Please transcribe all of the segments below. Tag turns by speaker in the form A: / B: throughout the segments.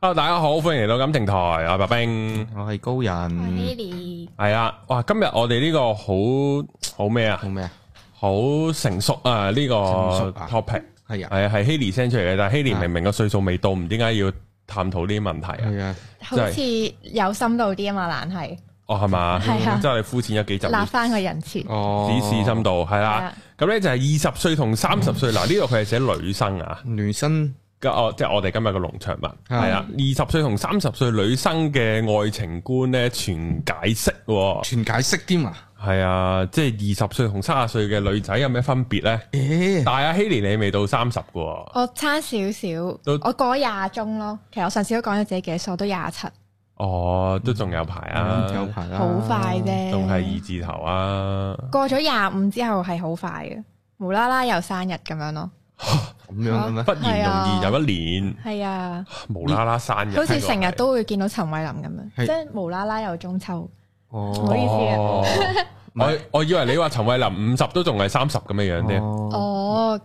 A: Hello 大家好，歡迎嚟到感情台。阿白冰，我係高人，係 Hilly，係啊！哇，今日我哋呢個好好咩啊？好咩啊？好成熟啊！呢個 topic 係啊，係啊，係 Hilly 先出嚟嘅，但係 Hilly 明明個歲數未到，唔點解要探討呢啲問題啊？係啊，好似
B: 有深度啲啊嘛，難係
A: 哦係嘛，係啊，真係膚淺咗幾集，拉翻個人設，指示深度係啦。咁咧就係二十歲同三十歲嗱，呢個佢係寫女生啊，女生。哦，即係我哋今日嘅農場物係啦。二十歲同三十歲女生嘅愛情觀咧，全解釋、哦，全解釋添啊！係啊，即係二十歲同三十歲嘅女仔有咩分別咧？欸、但阿希連你未到三十嘅，
B: 我差少少，到我過廿中咯。其實我上次都講咗自己幾數，都廿七。
A: 哦，都仲有排啊，嗯嗯、有排、啊。好快啫，仲係二字頭啊。
B: 過咗廿五之後係好快嘅，無啦啦又生日咁樣咯。
A: 咁樣噶咩？不然容易又一年，係啊，無啦啦生日，好似成日
B: 都會見到陳慧琳咁樣，即係無啦啦又中秋，
A: 唔好意思啊。我我以為你話陳慧琳五十都仲係三十咁嘅樣啲。
B: 哦，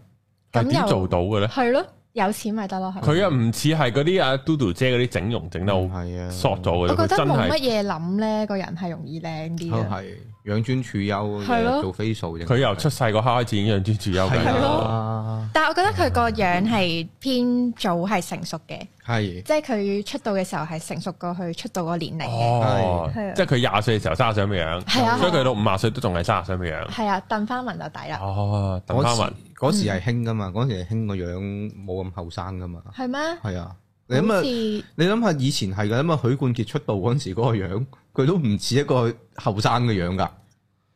B: 咁點做到嘅咧？係咯，有錢咪得咯。佢
A: 又唔似係嗰啲阿嘟嘟姐嗰啲整容整得好，係啊，索咗嘅。我覺得冇乜嘢
B: 諗咧，個人係容易靚啲嘅。
A: 養尊處優做飛嫂，佢由出世嗰刻開始已經養尊處優嘅。係咯，
B: 但係我覺得佢個樣係偏早係成熟嘅，係，即係佢出道嘅時候係成熟過佢出道個年齡嘅。即係
A: 佢廿歲
C: 嘅時候三十歲咁樣，所以佢到五廿歲都仲係三十歲咁樣。
B: 係啊，鄧花文就抵啦。哦，
C: 鄧花文嗰時係興噶嘛，嗰時係興個樣冇咁後生噶嘛。
B: 係咩？係
C: 啊，你諗啊，你諗下以前係噶，咁啊，許冠傑出道嗰陣時嗰個樣。佢都唔似一個後生嘅樣噶，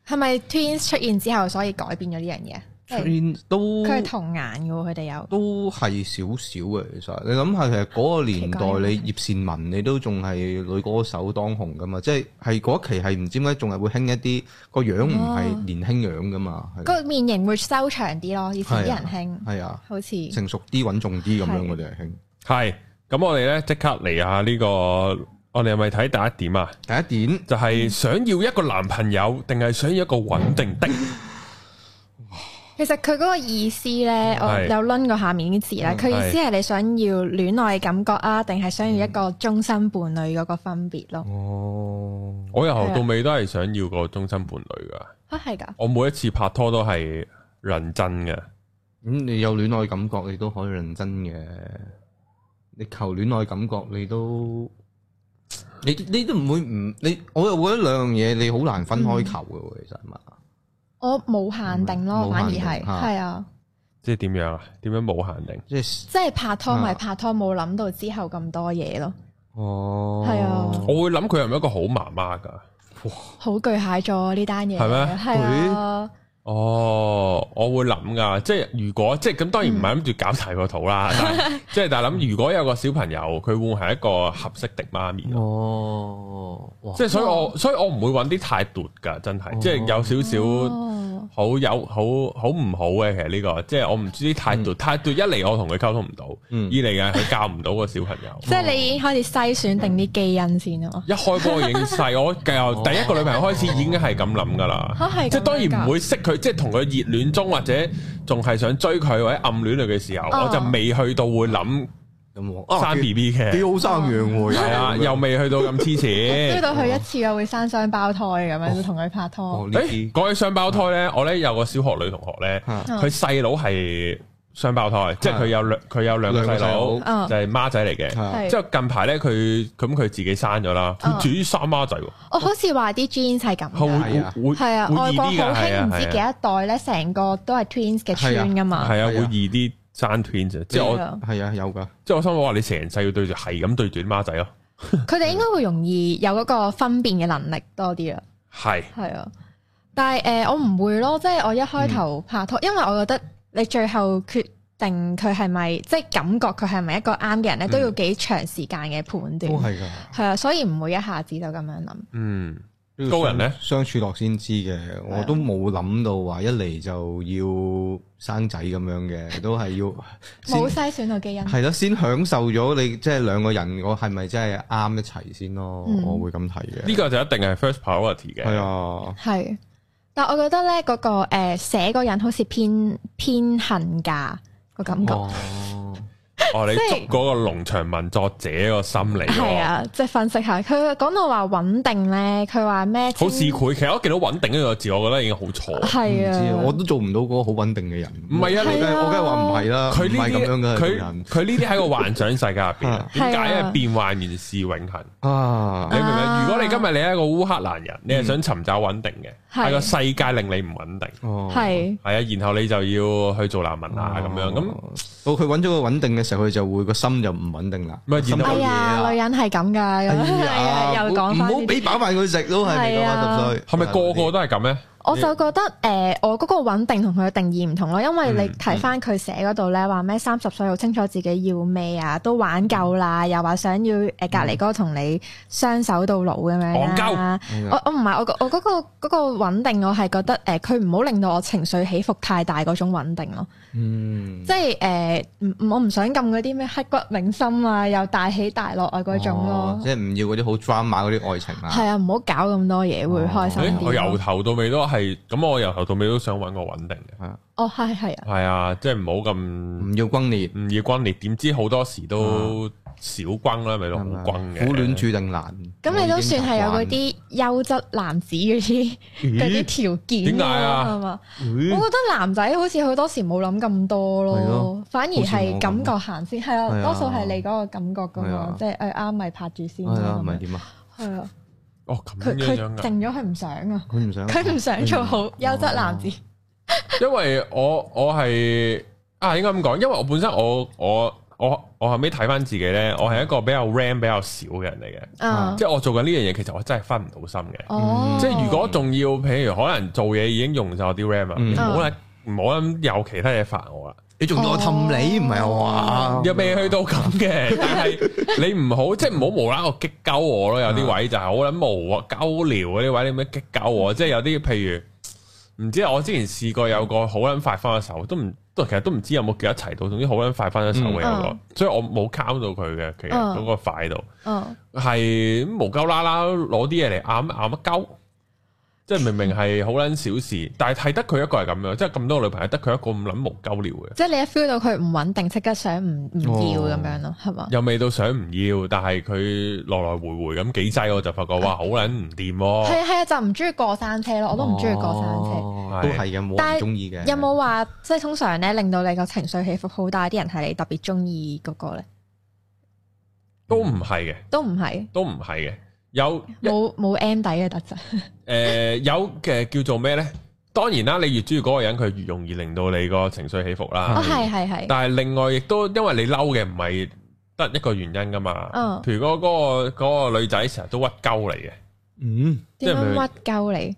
B: 係咪 Twins 出現之後所以改變咗呢樣嘢？Twins 都佢係童顏嘅，佢哋有都
C: 係少少嘅。其實你諗下，其實嗰個年代，你葉倩文你都仲係女歌手當紅噶嘛？即係係嗰期係唔知點解仲係會興一啲個、哦、樣唔係年輕樣噶嘛？個
B: 面型會修長啲咯，以前啲人興係啊，好似像、啊、成
C: 熟啲穩重啲咁樣，我哋係興。係
A: 咁，我哋咧即刻嚟下呢個。我哋係咪睇第一點啊？第一點就係想要一個男朋友，定係想要一個穩定的？
B: 其實佢嗰個意思呢，是我有掄過下面啲字啦。佢、嗯、意思係你想要戀愛感覺啊，定係想要一個終身伴侶嗰個分別咯？
A: 哦，我由頭到尾都係想要個終身伴侶噶吓，係噶的。我每一次拍拖都係認
C: 真嘅，咁、嗯、你有戀愛感覺，你都可以認真嘅。你求戀愛感覺，你都。你你都唔會唔你我又覺得兩樣嘢你好難分開求嘅喎，其實係嘛？
B: 我冇限定咯，反而係係啊。
C: 即係點樣啊？點樣冇限定？即
B: 係即係拍拖咪拍拖，冇諗到之後咁多嘢咯。
A: 哦，係啊。我會諗佢係咪一個好媽媽噶？哇！
B: 好巨蟹座呢單嘢係咩？係啊。
A: 哦，我會諗噶，即係如果即係咁，當然唔係諗住搞大個肚啦，即係但諗如果有個小朋友，佢會唔會係一個合適的媽咪哦，
D: 即係所以我
A: 所以我唔會搵啲太獨噶，真係，即係有少少好有好好唔好嘅。其實呢個即係我唔知啲態度，態度一嚟我同佢溝通唔到，二嚟係佢教唔到個小朋友。即
B: 係你已經開始篩選定啲基因先咯。一開波
A: 已經細，我計第一個女朋友開始已經係咁諗噶啦。
B: 即係當然唔
A: 會識佢。即係同佢熱戀中或者仲係想追佢或者暗戀佢嘅時候，哦、我就未去到會諗生 B B 嘅，幾
C: 好生樣，係
A: 啊，啊對又未去到咁黐纏， 追
B: 到佢一次又會生雙胞胎咁樣同佢拍拖。誒、
A: 哦，講起雙胞胎咧，哦、我咧有個小學女同學咧，佢細佬係。雙胞胎，即係佢有兩佢有兩個細佬，就係孖仔嚟嘅。即係近排咧，佢咁佢自己生咗啦。佢屬生孖仔。
B: 我好似話啲基因係咁，係啊，係啊，外國好興唔知幾多代咧，成個都係 twins 嘅村噶嘛。係啊，會
A: 易啲生 twins 啊。即係我係啊，有噶。即係我心諗話，你成世要對住係咁對住啲孖仔咯。
B: 佢哋應該會容易有嗰個分辨嘅能力多啲啊。係係啊，但係誒，我唔會咯。即係我一開頭拍拖，因為我覺得。你最後決定佢係咪即係感覺佢係咪一個啱嘅人咧，嗯、都要幾長時間嘅判斷。都係㗎，係啊，所以唔會一下子就咁樣諗。嗯，
C: 高人咧，相處落先知嘅，我都冇諗到話一嚟就要生仔咁樣嘅，都係要
B: 冇篩選個基因。係
C: 咯，先享受咗你即係、就是、兩個人，我係咪真係啱一齊先咯？嗯、我會咁睇嘅。呢個就一定係 first priority 嘅。係啊，
B: 係。但我覺得咧，嗰個誒寫個人好似偏偏恨噶個感覺。
A: 哦，你捉嗰個農場文作者個心理係啊，
B: 即係分析下佢講到話穩定咧，佢話咩？好似
A: 佢其實我見到穩定呢個字，我覺得已經好錯。係啊，我
C: 都做唔到嗰個好穩定嘅人。唔係啊，我梗係話
A: 唔係啦。佢呢啲，佢佢呢啲喺個幻想世界入邊。點解啊？變幻原是永恆啊！你明唔明？如果你今日你係一個烏克蘭人，
C: 你係想尋找穩定嘅？
D: 喺個
A: 世
C: 界令你唔穩定，係係、
A: 哦、啊，然後你就要
C: 去做難民啊咁樣，咁到佢揾咗個穩定嘅時候，佢就會個心就唔穩定啦，唔
A: 係啊。女
B: 人係咁噶，係、哎、呀 又講唔好俾
C: 飽飯佢食都
B: 係咁啊，所以係咪個個
A: 都係咁咧？我就覺
B: 得誒、呃，我嗰個穩定同佢嘅定義唔同咯，因為你睇翻佢寫嗰度咧，話咩三十歲好清楚自己要咩啊，都玩夠啦，又話想要誒隔離哥同你相守到老咁樣啦。我我唔係我我、那、嗰個嗰、那個、穩定，我係覺得誒，佢唔好令到我情緒起伏太大嗰種穩定咯。嗯，即係誒，唔、呃、我唔想撳嗰啲咩刻骨銘心啊，又大起大落啊嗰種咯、哦。
C: 即係唔要嗰啲好 drama 啊嗰啲愛情
A: 啊。係啊，
B: 唔好搞咁多嘢會開心啲、欸、我由
A: 頭到尾都係。係咁，我由頭到尾都想搵個穩定嘅。哦，係係啊。係啊，即係唔好咁，唔要轟烈，唔要轟烈。點知好多時都
C: 少轟啦，咪咯，好轟嘅。苦戀注定難。
B: 咁你都算係有嗰啲優質男子嗰啲嗰啲條件。點解啊？係咪？我覺得男仔好似好多時冇諗咁多咯，反而係感覺行先。係啊，多數係你嗰個感覺噶嘛，即係誒啱，咪拍住先。係啊，咪點啊？係啊。
A: 哦，佢佢定
B: 咗佢唔想啊，佢唔想、啊，佢唔想做好優質、哦、男子。
A: 因為我我係啊，應該咁講，因為我本身我我我我後尾睇翻自己咧嗯、我係一個比較 ram 比較少嘅人嚟嘅，嗯啊、即係我做緊呢樣嘢，其實我真係分唔到心嘅。嗯嗯、即係如果仲要，譬如可能做嘢已經用晒我啲 ram 啊、嗯，唔好啦，唔好諗有其他嘢煩我啦。
C: 你仲多氹你唔係我話？又未去到咁嘅，但係
A: 你唔好即係唔好無啦啦激鳩我咯。有啲位就係好捻無啊鳩聊嗰啲位，你咩激鳩我？即係有啲譬如唔知我之前試過有個好捻快分咗手，都唔都其實都唔知有冇叫一齊到，總之好捻快分咗手嘅有個，所以我冇溝到佢嘅，其實嗰個快度，
D: 嗯
A: 係無鳩啦啦攞啲嘢嚟拗拗乜鳩。即係明明係好撚小事，但係係得佢一個係咁樣，即係咁多女朋友得佢一個咁撚無鳩聊嘅。
B: 即係你一 feel 到佢唔穩定，即刻想唔唔要咁樣咯，係嘛、哦？吧
A: 又未到想唔要，但係佢來來回回咁幾劑，我就發覺、嗯、哇，好撚唔掂喎。係啊係
B: 啊，就唔中意過山車咯，我都唔中意過山車，都係嘅冇人
C: 中
A: 意嘅。但有
B: 冇話即係通常咧令到你個情緒起伏好大啲人係你特別中意嗰個咧？嗯、都唔
A: 係嘅，都唔係，都唔係嘅。有
B: 冇冇 M 底嘅特質？
A: 誒、呃，有嘅、呃、叫做咩咧？當然啦，你越中意嗰個人，佢越容易令到你個情緒起伏啦。係係係。是但係另外亦都，因為你嬲嘅唔係得一個原因噶嘛。嗯。譬如嗰嗰個個女仔成日都屈鳩你嘅。嗯。
B: 即係屈鳩你。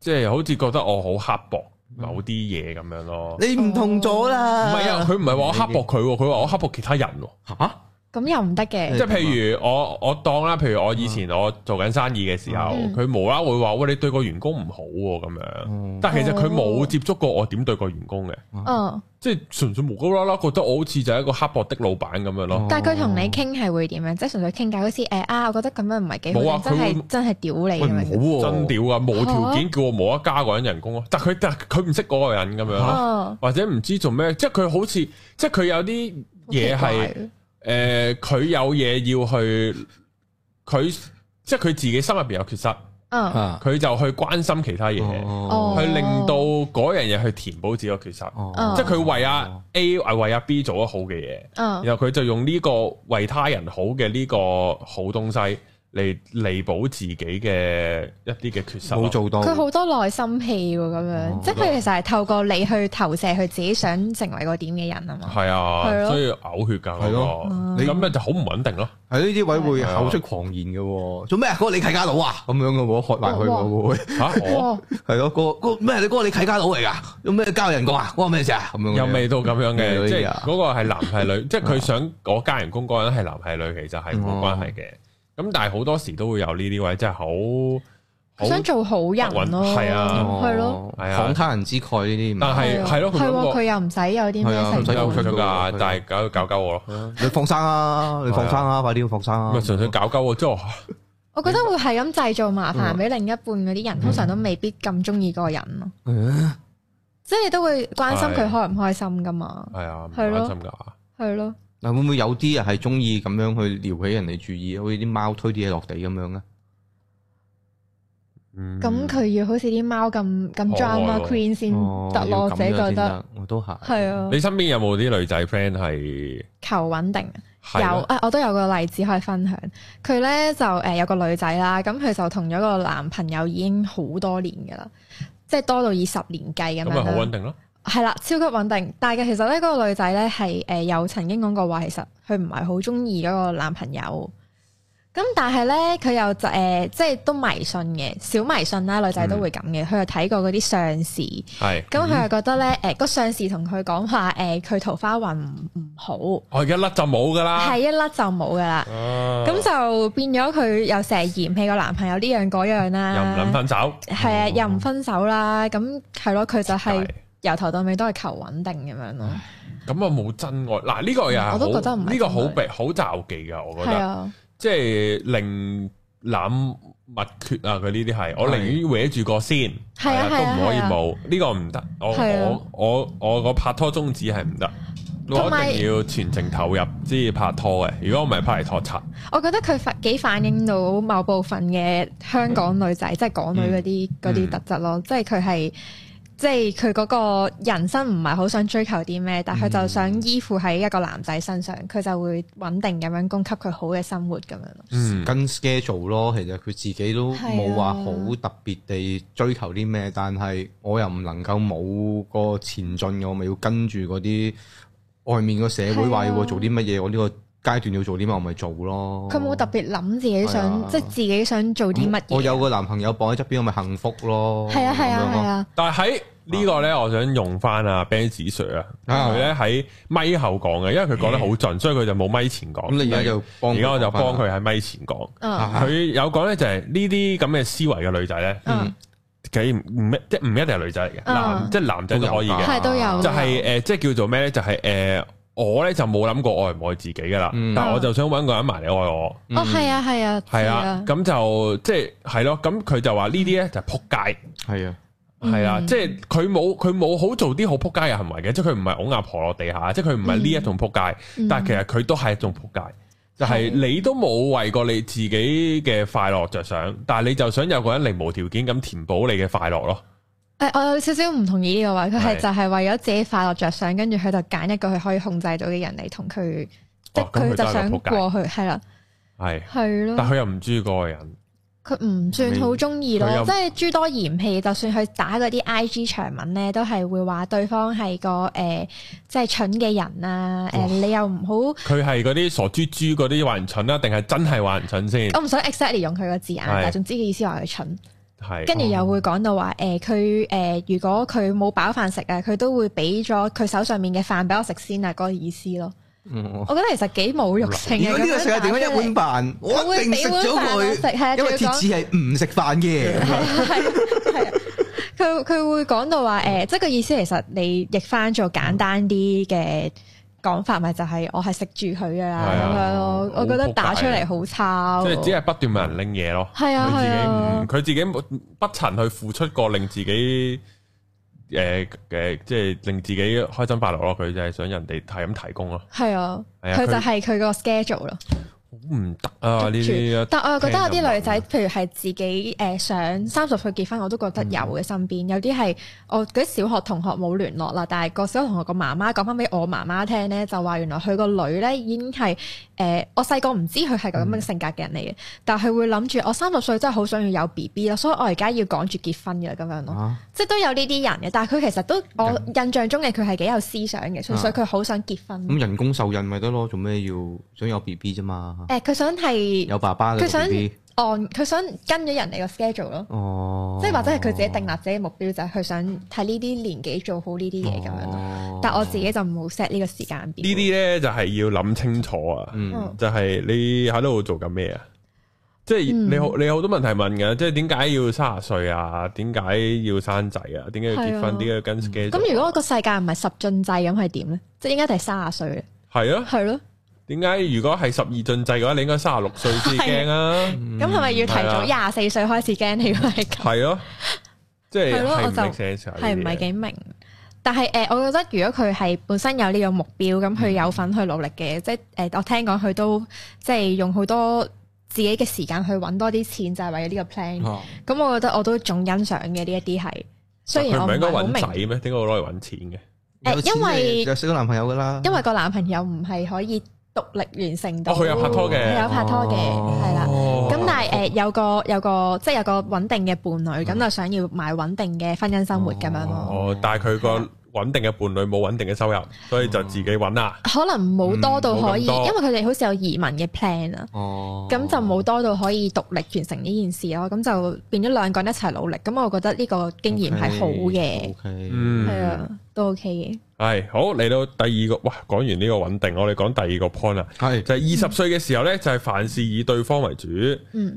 A: 即係好似覺得我好刻薄某啲嘢咁樣咯。你唔同咗啦。唔係啊，佢唔係話我刻薄佢，佢話我刻薄其他人咯。吓？
B: 咁又唔得嘅，即係譬
A: 如我我當啦，譬如我以前我做緊生意嘅時候，佢無啦會話，喂你對個員工唔好咁樣，但係其實佢冇接觸過我點對個員工嘅，即係純粹無啦啦覺得我好似就係一個刻薄的老闆咁樣咯。但係佢同
B: 你傾係會點樣？即係純粹傾偈，好似誒啊，我覺得咁樣唔係幾好，啊、真係真係屌你，真
A: 屌、哎、啊！真條無條件叫我冇得加嗰人人工咯。但佢但佢唔識嗰個人咁樣咯，或者唔知做咩，即係佢好似即係佢有啲嘢係。誒，佢、呃、有嘢要去，佢即係佢自己心入邊有缺失，嗯、啊，佢就去關心其他嘢，哦、去令到嗰樣嘢去填補自己嘅缺失，哦、即係佢為阿 A，係為阿 B 做咗好嘅嘢，啊、然後佢就用呢個為他人好嘅呢個好東西，嚟彌補自己嘅一啲嘅缺失，佢好
B: 多內心戲喎，咁樣即係佢其實係透過你去投射佢自己想成為個點嘅人啊嘛。
A: 係啊，所以嘔血㗎，係咯，咁樣就好唔穩
C: 定咯。係呢啲位會口出狂言嘅，做咩？嗰個你契家佬啊，咁樣嘅我喝埋佢會嚇，係咯，個個咩？你嗰個你契家佬嚟㗎？有咩交人工啊？關我咩事啊？
A: 咁樣有味道咁樣嘅，即係嗰個係男係女，即係佢想嗰加人工嗰個人係男係女，其實係冇關係嘅。咁但係好多時都會有呢啲位，真係好想做
B: 好人咯，係啊，係咯，
C: 慷他人之慨呢啲。但
A: 係係咯，不過佢
B: 又唔使有啲咩，唔使付出
A: 噶。
C: 但係搞搞鳩我咯，你放生啊，你放生
A: 啊，快啲要放生啊！咪純粹搞鳩我啫。
B: 我覺得會係咁製造麻煩俾另一半嗰啲人，通常都未必咁中意嗰個人咯。所以你都會關心佢開唔開心噶嘛？係啊，
C: 係咯，係咯。嗱，會唔會有啲人係中意咁樣去撩起人哋注意，好似啲貓推啲嘢落地咁樣咧？
B: 咁佢、嗯、要好似啲貓咁咁 drama queen 先、哦、得咯，自己覺得。
C: 我都
A: 係。係啊。你身邊有冇啲女仔 friend 係
B: 求穩定？嗎？有，誒，我都有個例子可以分享。佢咧就誒、呃、有個女仔啦，咁佢就同咗個男朋友已經好多年噶啦，即係多到以十年計咁樣。好穩、嗯、定咯。係啦，超級穩定。但係其實咧，嗰個女仔咧係誒有曾經講過話，其實佢唔係好中意嗰個男朋友。咁但係咧，佢又誒即係都迷信嘅，小迷信啦，女仔都會咁嘅。佢又睇過嗰啲相士，係咁佢又覺得咧，誒、嗯哼呃嗰個相士同佢講話，誒、呃、佢桃花運唔好，我
A: 而家甩就冇噶啦，係一
B: 甩就冇噶啦。咁、哦、就，就變咗佢又成日嫌棄個男朋友呢樣嗰樣啦，又唔諗分手，係啊、嗯嗯，又唔分手啦。咁係咯，佢就係、是。就是由頭到尾都係求穩定咁樣咯，
A: 咁啊，冇真愛嗱，呢個又係，我都覺得唔係，呢個好逼好驟忌噶，我覺得即係寧濫勿缺啊！佢呢啲係我寧願歪住個先，係啊都唔可以冇，呢個唔得，我我我我個拍拖宗旨係唔得，我一定要全程投入先拍拖嘅。如果我唔係拍嚟拖
B: 擦，我覺得佢反幾反映到某部分嘅香港女仔，即係港女嗰啲嗰啲特質咯，即係佢係。即係佢嗰個人生唔係好想追求啲咩，但佢就想依附喺一個男仔身上，佢就會穩定咁樣供給佢好嘅生活咁樣咯。嗯，
C: 跟 schedule 咯，其實佢自己都冇話好特別地追求啲咩，啊、但係我又唔能夠冇個前進嘅，我咪要跟住嗰啲外面個社會話要我做啲乜嘢，啊、我呢、呢個。階段要做啲乜，我咪做咯。佢冇
B: 特別諗自己想，即係自己想做啲乜嘢。我有
C: 個男朋友傍喺側邊，我咪幸福咯。
B: 係啊，係啊，係啊。
C: 但係喺呢個咧，我想用翻啊 Ben Sir
A: 啊，佢咧喺咪後講嘅，因為佢講得好盡，所以佢就冇咪前講。咁你而家就而家我就幫佢喺咪前講。佢有講咧，就係呢啲咁嘅思維嘅女仔咧，幾唔一即唔一定係女仔嚟嘅，男即係男仔都可以嘅，係都有。就係誒，即係叫做咩咧？就係誒。我咧就冇諗過愛唔愛自己噶啦，嗯、但係我就想揾個人埋嚟愛我。哦、嗯，係啊，係
D: 啊，係啊，
A: 咁、啊、就即係係咯，咁佢就話呢啲咧就扑街，係、嗯、啊，係啊，即係佢冇佢冇好做啲好扑街嘅行為嘅，即係佢唔係拱阿婆落地下，即係佢唔係呢一種扑街，嗯、但係其實佢都係一種扑街，就係、是、你都冇為過你自己嘅快樂着想，嗯啊、但係你就想有個人嚟無條件咁填補你嘅快樂咯。
B: 誒，我有少少唔同意呢個位，佢係就係為咗自己快樂着想，跟住佢就揀一個佢可以控制到嘅人嚟，同佢，即係佢就想過去，係、嗯、啦，
A: 係係咯，啊、但佢又唔中意嗰個人，
B: 佢唔算好中意咯，即係諸多嫌棄，就算佢打嗰啲 I G 長文咧，都係會話對方係個誒、呃，即係蠢嘅人啊。誒、哦呃，你又唔好，
A: 佢係嗰啲傻豬豬嗰啲話人蠢啊？定係真係話人蠢先？我唔
B: 想 exactly 用佢個字眼，但係總之嘅意思話佢蠢。係，跟住又會講到話，誒，佢，誒，如果佢冇飽飯食啊，佢都會俾咗佢手上面嘅飯俾我食先啊，嗰、那個意思咯。嗯、我覺得其實幾侮辱性嘅。如果呢個嘢點樣一碗飯，啊、誒我會俾咗佢，因為貼士係
C: 唔食飯嘅。係啊係啊，
B: 佢佢這樣 會講到話，誒、呃，即係個意思，其實你譯翻做簡單啲嘅。講法咪就係我係食住佢㗎喇，咁樣、啊啊、我覺得打出嚟好差。即係只係
A: 不斷問人拎嘢咯。
B: 係啊佢自
A: 己佢自己不曾去、啊、付出過，令自己誒誒、呃，即係令自己開心快樂咯。佢就係想人哋係咁提供、啊啊、咯。
B: 係啊，佢就係佢個 schedule 咯。
A: 唔得啊！呢但我又覺得有啲女
B: 仔，譬如係自己誒、呃、想三十歲結婚，我都覺得有嘅。身邊、嗯、有啲係我嗰啲小學同學冇聯絡啦，但係個小學同學個媽媽講翻俾我媽媽聽呢，就話原來佢個女呢已經係誒、呃，我細個唔知佢係咁樣性格嘅人嚟嘅，嗯、但係佢會諗住我三十歲真係好想要有 B B 咯，所以我而家要趕住結婚嘅咁樣咯，啊、即係都有呢啲人嘅。但係佢其實都我印象中嘅佢係幾有思想嘅，純粹佢好想結婚。咁、啊啊、
C: 人工受孕咪得咯，做咩要想有 B B 啫嘛？
B: 誒，佢、呃、想係有爸爸佢想按佢、哦、想跟咗人哋個 schedule
C: 咯，
A: 噢即係或者係
B: 佢自己定立自己目標就係佢想睇呢啲年紀做好呢啲嘢咁樣咯。噢但我自己就唔冇 set 呢個時間
A: 呢啲咧、嗯、就係要諗清楚啊，嗯、就係你喺度做緊咩啊？即係你好，你好多問題問噶，即係點解要三十歲啊？點解要生仔啊？點解要結婚？點解、嗯、要跟 schedule？咁、嗯、
B: 如果個世界唔係十進制咁係點咧？即係應該係三十歲啦。
A: 係啊，係咯。點解如果係十二進制嘅話，你應該三十六歲先驚啊？咁係咪要提早廿
B: 四歲開始驚？如果係咁，
A: 係咯
D: 的，即係係咯，的我就係唔係幾明。
B: 但係誒、呃，我覺得如果佢係本身有呢個目標，咁佢有份去努力嘅，即係誒，我聽講佢都即係、就是、用好多自己嘅時間去搵多啲錢就，就係為咗呢個 plan。咁、嗯、我覺得我都仲欣賞嘅呢一啲係。雖然我唔明，唔係應該搵
A: 仔咩？點解我攞嚟搵錢嘅？誒，因為約
C: 少到男朋友噶啦，
A: 因
B: 為個男朋友唔係可以。獨立完成到。哦，佢有拍拖嘅，佢有拍拖嘅，係啦。咁但係誒、呃、有個有個即係、即係、有個穩定嘅伴侶，咁、哦、就想要埋穩定嘅婚姻生活咁、哦、樣咯。
A: 哦，但係佢、嗰個。穩定嘅伴侶冇穩定嘅收入，所以就自己揾啦。
B: 可能冇多到可以，因為佢哋好似有移民嘅 plan 啊。哦，咁就冇多到可以獨立完成呢件事咯。咁就變咗兩個人一齊努力。咁我覺得呢個經驗係好嘅，係啊，都 OK 嘅。
D: 係
A: 好嚟到第二個，哇！講完呢個穩定，我哋講第二個 point 啦。係就二十歲嘅時候呢，就係凡事以對方為主。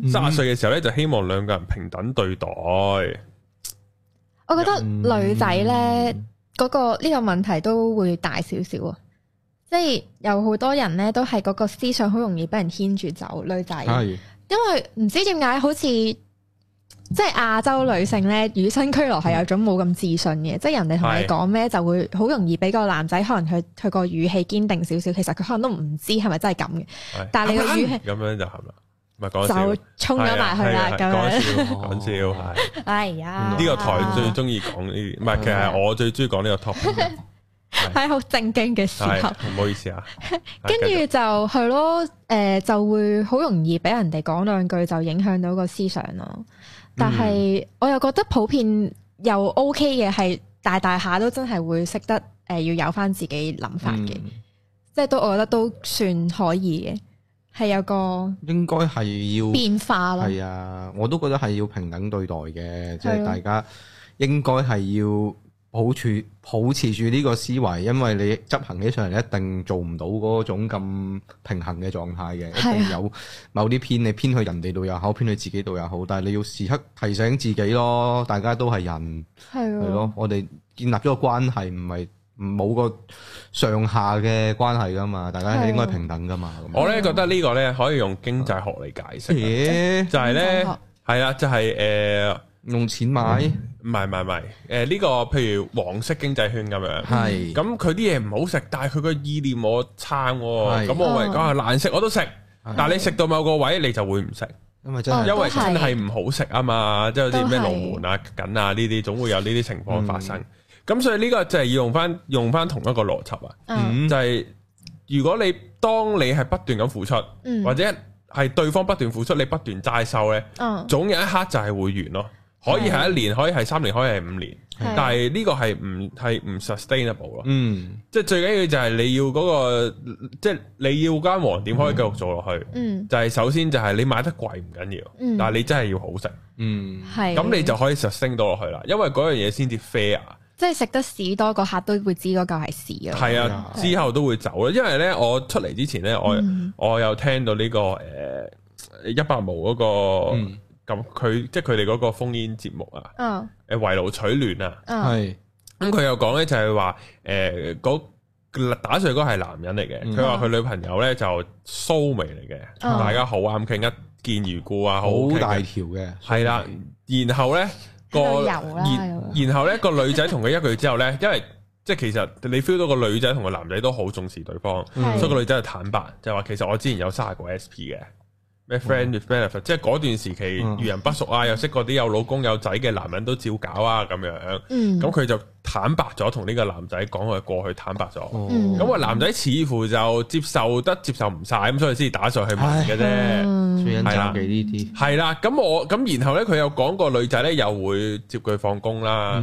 A: 三十歲嘅時候呢，就希望兩個人平等對待。
B: 我覺得女仔呢。嗰個呢個問題都會大少少啊，即係有好多人呢都係嗰個思想好容易俾人牽住走，女仔，因為唔知點解好似即係亞洲女性呢，與生俱來係有種冇咁自信嘅，嗯、即係人哋同你講咩就會好容易俾個男仔可能佢佢個語氣堅定少少，其實佢可能都唔知係咪真係咁嘅，嗯、但係你個語氣
A: 咁、嗯嗯、樣就係啦。就講沖咗埋去啦，咁樣，講笑，講笑
D: 係。哎呀，呢個台最
A: 中意講呢，唔係，其實我最中意講呢個 topic
B: 係好正經嘅事頭。唔好意思啊，跟住就係咯，誒，就會好容易俾人哋講兩句，就影響到個思想咯。但係我又覺得普遍又 OK 嘅係，大大下都真係會識得誒要有翻自己諗法嘅，即係都我覺得都算可以嘅。係有個
C: 應該係要變化咯，係啊，我都覺得係要平等對待嘅，的即係大家應該係要保持保持住呢個思維，因為你執行起上嚟，一定做唔到嗰種咁平衡嘅狀態嘅，一定有某啲偏，你偏去人哋度又好，偏去自己度又好，但係你要時刻提醒自己咯，大家都係人，
D: 係咯的，
C: 我哋建立咗個關係唔係。冇個上下嘅關係噶嘛，大家係應該平等噶嘛。我咧
A: 覺得呢個咧可以用經濟學嚟解釋，就係咧係啊，就係誒用錢買，唔係唔係唔係，誒呢個譬如黃色經濟圈咁樣，係咁佢啲嘢唔好食，但係佢個意念我撐，咁我咪講難食我都食，但係你食到某個位你就會唔食，
C: 因為真係因為真係
A: 唔好食啊嘛，即係好似咩龍門啊緊啊呢啲，總會有呢啲情況發生。咁所以呢個就係用翻用翻同一個邏輯啊，就係如果你當你係不斷咁付出，或者係對方不斷付出，你不斷齋收呢，總有一刻就係會完咯。可以係一年，可以係三年，可以係五年，但係呢個係唔係唔 sustainable 咯。嗯，即係最緊要就係你要嗰個，即係你要間王點可以繼續做落去。嗯，就係首先就係你買得貴唔緊要，但係你真係要好食。嗯，
D: 係
B: 咁你就
A: 可以 sustain 到落去啦。因為嗰樣嘢先至 fair。
B: 即係食得屎多，個客都會知嗰嚿係屎咯。係啊，之
A: 後都會走咯。因為咧，我出嚟之前咧，我我有聽到呢個誒一百毛嗰個咁佢，即係佢哋嗰個封煙節目啊。嗯。誒，圍爐取暖啊。嗯。係。咁佢又講咧，就係話誒,打碎哥係男人嚟嘅。佢話佢女朋友咧就蘇眉嚟嘅，大家好啱傾，一見如故啊，好大條嘅。係啦，然後咧。那個然然後咧 個女仔同佢一句之後咧，因為即係其實你 feel 到個女仔同個男仔都好重視對方，嗯、所以個女仔就坦白就話其實我之前有卅個 SP benefit, S P 嘅咩 friend with benefit 即係嗰段時期遇、嗯、人不淑啊，又識嗰啲有老公有仔嘅男人都照搞啊咁樣，咁佢、嗯、就。坦白咗同呢個男仔講佢過去坦白咗，咁個男仔似乎就接受得接受唔晒，咁所以先打上去問嘅啫。係啦，呢啲係啦。咁我咁，然後咧，佢又講個女仔咧又會接佢放工啦，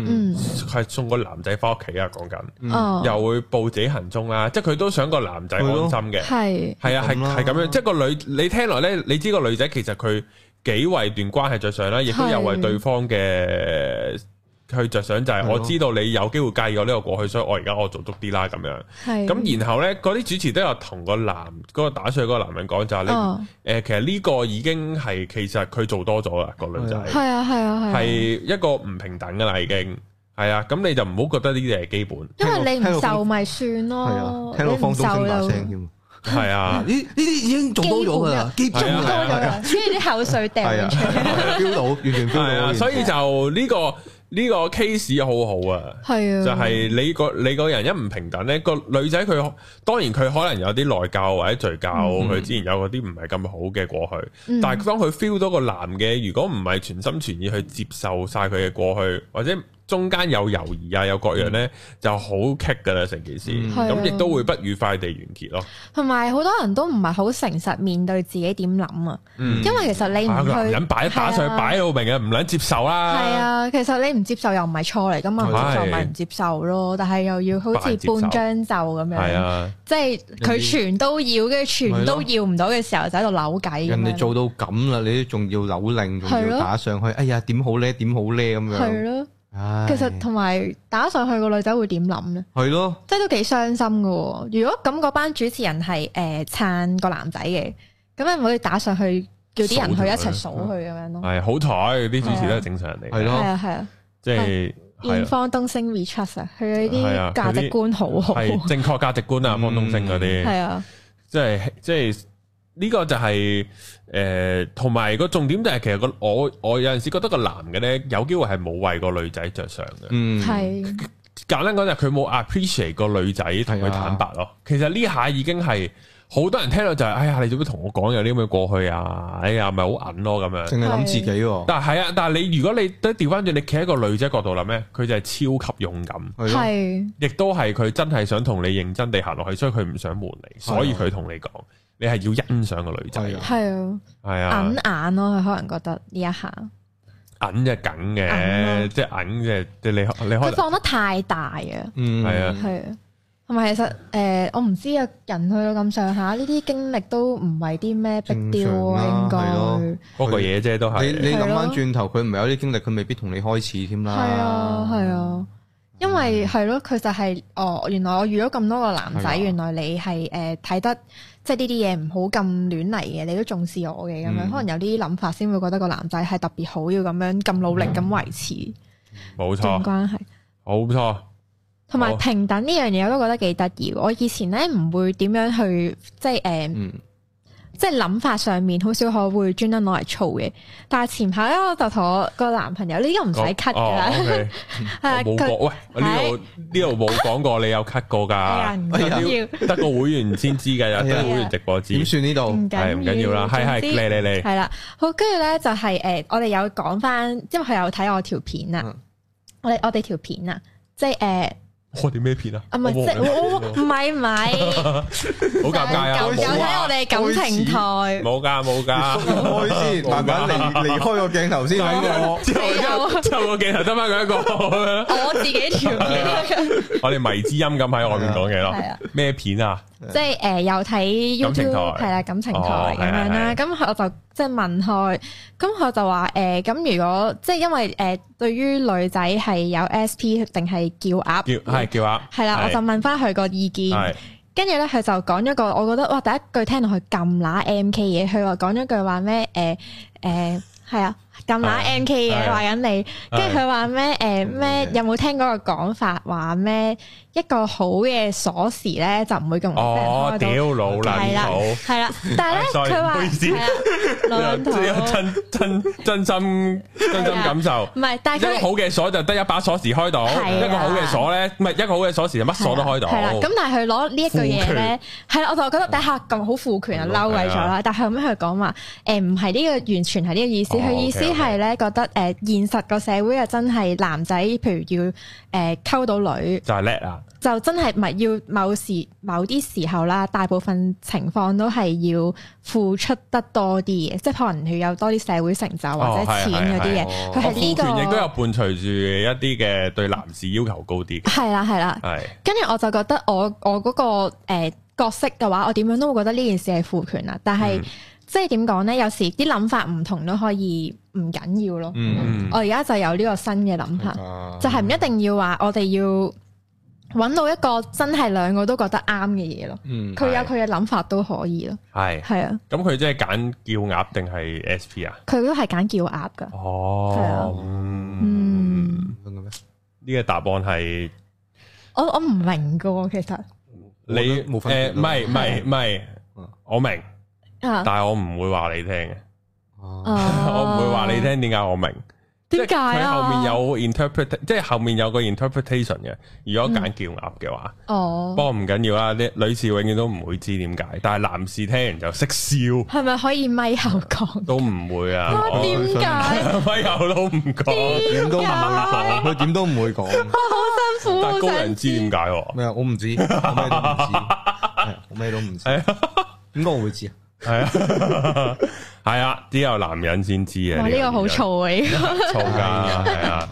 A: 係送個男仔翻屋企啊。講緊又會報自己行蹤啦，即係佢都想個男仔安心嘅。係係啊，係係咁樣，即係個女你聽落咧，你知個女仔其實佢幾為段關係着想啦，亦都有為對方嘅。佢着想就係我知道你有機會介意我呢個過去，所以我而家我做足啲啦咁樣。係咁，然後咧，嗰啲主持都有同個男嗰個打趣嗰個男人講，就話你誒，其實呢個已經係其實佢做多咗啦，個女仔係啊係
B: 啊係，係
A: 一個唔平等噶啦，已經係啊。咁你就唔好覺得呢啲係基本，因為你
B: 唔受咪算咯。係啊，聽落放鬆幾百聲啊，呢呢啲已經做多咗噶啦，接
A: 住多咗啦，
B: 跟啲口水掟。
A: 係啊，所以就呢個。呢個 case 好好啊，
B: 啊就係
A: 你個你個人一唔平等咧，個女仔佢當然佢可能有啲內疚或者罪疚，佢、嗯嗯、之前有嗰啲唔係咁好嘅過去，嗯、但係當佢 feel 到個男嘅，如果唔係全心全意去接受晒佢嘅過去，或者，中間有猶疑啊，有各樣咧，就好棘㗎啦，成件事。咁亦都會不愉快地完結咯。
B: 同埋好多人都唔係好誠實面對自己點諗啊，因為其實你唔去，忍擺喺打上擺喺度，
A: 明嘅唔想接受啦。係
B: 啊，其實你唔接受又唔係錯嚟㗎嘛，唔係唔接受咯。但係又要好似半張袖咁樣，即係佢全都要嘅，全都要唔到嘅時候就喺度扭計。人哋做到
C: 咁啦，你都仲要扭擰，仲要打上去。哎呀，點好咧？點好咧？咁樣。其實同
B: 埋打上去個女仔會點諗咧？係咯的，即係都幾傷心噶。如果咁嗰班主持人係誒撐個男仔嘅，咁係唔可以打上去叫啲人去一齊數佢咁樣
A: 咯。係好彩啲主持都係正常人嚟。係咯，係啊，即係、嗯、方
B: 東升 recharge 佢嗰啲價值觀好好，
A: 正確價值觀啊，方東升嗰啲係啊，即係即係。呢個就係、是、誒，同、呃、埋個重點就係、是、其實個我我有陣時覺得個男嘅呢，有機會係冇為個女仔着想嘅。嗯，係、
D: 嗯、
A: 簡單講就係、是、佢冇 appreciate 個女仔同佢坦白咯。的其實呢下已經係好多人聽到就係、是，哎呀，你做咩同我講有啲咁嘅過去啊？哎呀，咪好銀咯咁樣，淨係諗自己，但係啊，的但係你如果你都調翻轉，你企喺個女仔角度諗咩？佢就係超級勇敢，亦的都係佢真係想同你認真地行落去，所以佢唔想瞞你，所以佢同你講。的你係要欣賞個女仔，係啊，係啊，眼
B: 眼咯，佢可能覺得呢一下，
A: 眼就緊嘅，即係眼嘅，即係你你可，佢放
B: 得太大啊，嗯，係啊，係啊，同埋其實誒，我唔知啊，人去到咁上下，呢啲經歷都唔係啲咩逼雕啊，應該，
C: 嗰個嘢啫都係，你你諗翻轉頭，佢唔係有啲經歷，佢未必同你開始添啦，係啊，
B: 係啊，因為係咯，佢就係哦，原來我遇咗咁多個男仔，原來你係誒睇得。即係呢啲嘢唔好咁亂嚟嘅，你都重視我嘅咁樣，嗯、可能有啲諗法先會覺得個男仔係特別好，要咁樣咁努力咁、嗯、維持。
A: 冇錯，關係好唔錯。同
B: 埋還有 好平等呢樣嘢我都覺得幾得意。我以前呢唔會點樣去，即係誒。呃嗯即係諗法上面，好少可會專登攞嚟嘈嘅。但係前排咧，我就同我個男朋友，你而家唔使 cut 噶。係、哦
A: okay.
B: 喂，呢度
A: 呢度冇講過，你有 cut 過噶。唔緊、哎、要，得個會員先知噶，有、哎、呀得個會員直播知。點、哎、呀算呢度？唔緊唔緊要啦。係係嚟嚟嚟。係啦，
B: 好，跟住咧就係、是、誒、呃，我哋有講翻，因為佢有睇我條片啊、嗯。我哋我哋條片啊，即係誒。呃
A: 我哋咩片啊？唔係即係我
B: 唔係
C: 好
D: 尷尬啊！有睇我
B: 哋感情台，
C: 冇㗎冇㗎，開先！慢慢離離開個鏡頭先，
B: 之後
A: 個鏡頭得翻佢一個。我自己調我哋迷之音咁喺外面講嘢咯。咩片啊？
B: 即係誒，又睇感情台，係啦，感情台咁樣啦。咁我就。即係問佢，咁佢就話誒，咁、呃、如果即係因為誒、呃，對於女仔係有 SP 定係叫鴨？叫
A: 係叫鴨、啊。係啦，我就
B: 問翻佢個意見，跟住咧佢就講咗個，我覺得哇，第一句聽落去咁乸 MK 嘢，佢話講咗句話咩？誒誒係啊。呃咁乸 NK 嘅話緊你，跟住佢話咩？誒咩？有冇聽嗰個講法話咩？一個好嘅鎖匙咧就唔會咁哦，屌老爛頭，係啦，但係咧佢
A: 話係啦，
B: 老爛頭
A: 真真真心真心感受
B: 唔係，但係一個好
A: 嘅鎖就得一把鎖匙開到，係一個好嘅鎖咧，唔係一個好嘅鎖匙就乜鎖都開到，係啦。咁
B: 但係佢攞呢一句嘢咧，係啦，我就覺得底下咁好賦權啊，嬲鬼咗啦。但係後尾佢講話，誒唔係呢個完全係呢個意思，佢意思。啲係咧覺得誒現實個社會啊，真係男仔，譬如要誒溝到女就係叻啊！就真係唔係要某時某啲時候啦，大部分情況都係要付出得多啲嘅，即係可能佢有多啲社會成就或者錢嗰啲嘢。佢係呢個、哦、亦都有
A: 伴隨住一啲嘅對男士要求高啲嘅。係啦，係啦。係。
B: 跟住的我就覺得我我嗰、那個、呃、角色嘅話，我點樣都會覺得呢件事係賦權啊！但係即係點講咧？有時啲諗法唔同都可以唔緊要咯。我而家就有呢個新嘅諗法，就係唔一定要話我哋要揾到一個真係兩個都覺得啱嘅嘢咯。佢有佢嘅諗法都可以咯。
A: 係係啊。咁佢即係揀叫鴨定係 SP 啊？
B: 佢都係揀叫鴨噶。哦。嗯。
A: 呢個答案係
B: 我我唔明噶，其實
A: 你誒唔係唔係唔係，我明。但係我唔會話你聽嘅，
D: 我唔會話你
A: 聽。點解我明？
D: 點解佢後面有
A: interpret，即係後面有個 interpretation 嘅。如果揀叫鴨嘅話，
B: 哦，不
A: 過唔緊要啦。啲女士永遠都唔會知點解，但係男士聽完就識笑。
B: 係咪可以咪口講？
A: 都唔會啊？點解咪口都唔講？點都唔會講，佢點都唔會講。我
B: 好辛苦，但係高人
A: 知點解？咩啊？我唔知，我咩都唔知，我咩都唔知。
C: 點解我會知啊？
A: 係啊，係啊，只有男人先知啊！哇，呢個
B: 好嘈啊！嘈㗎，係啊，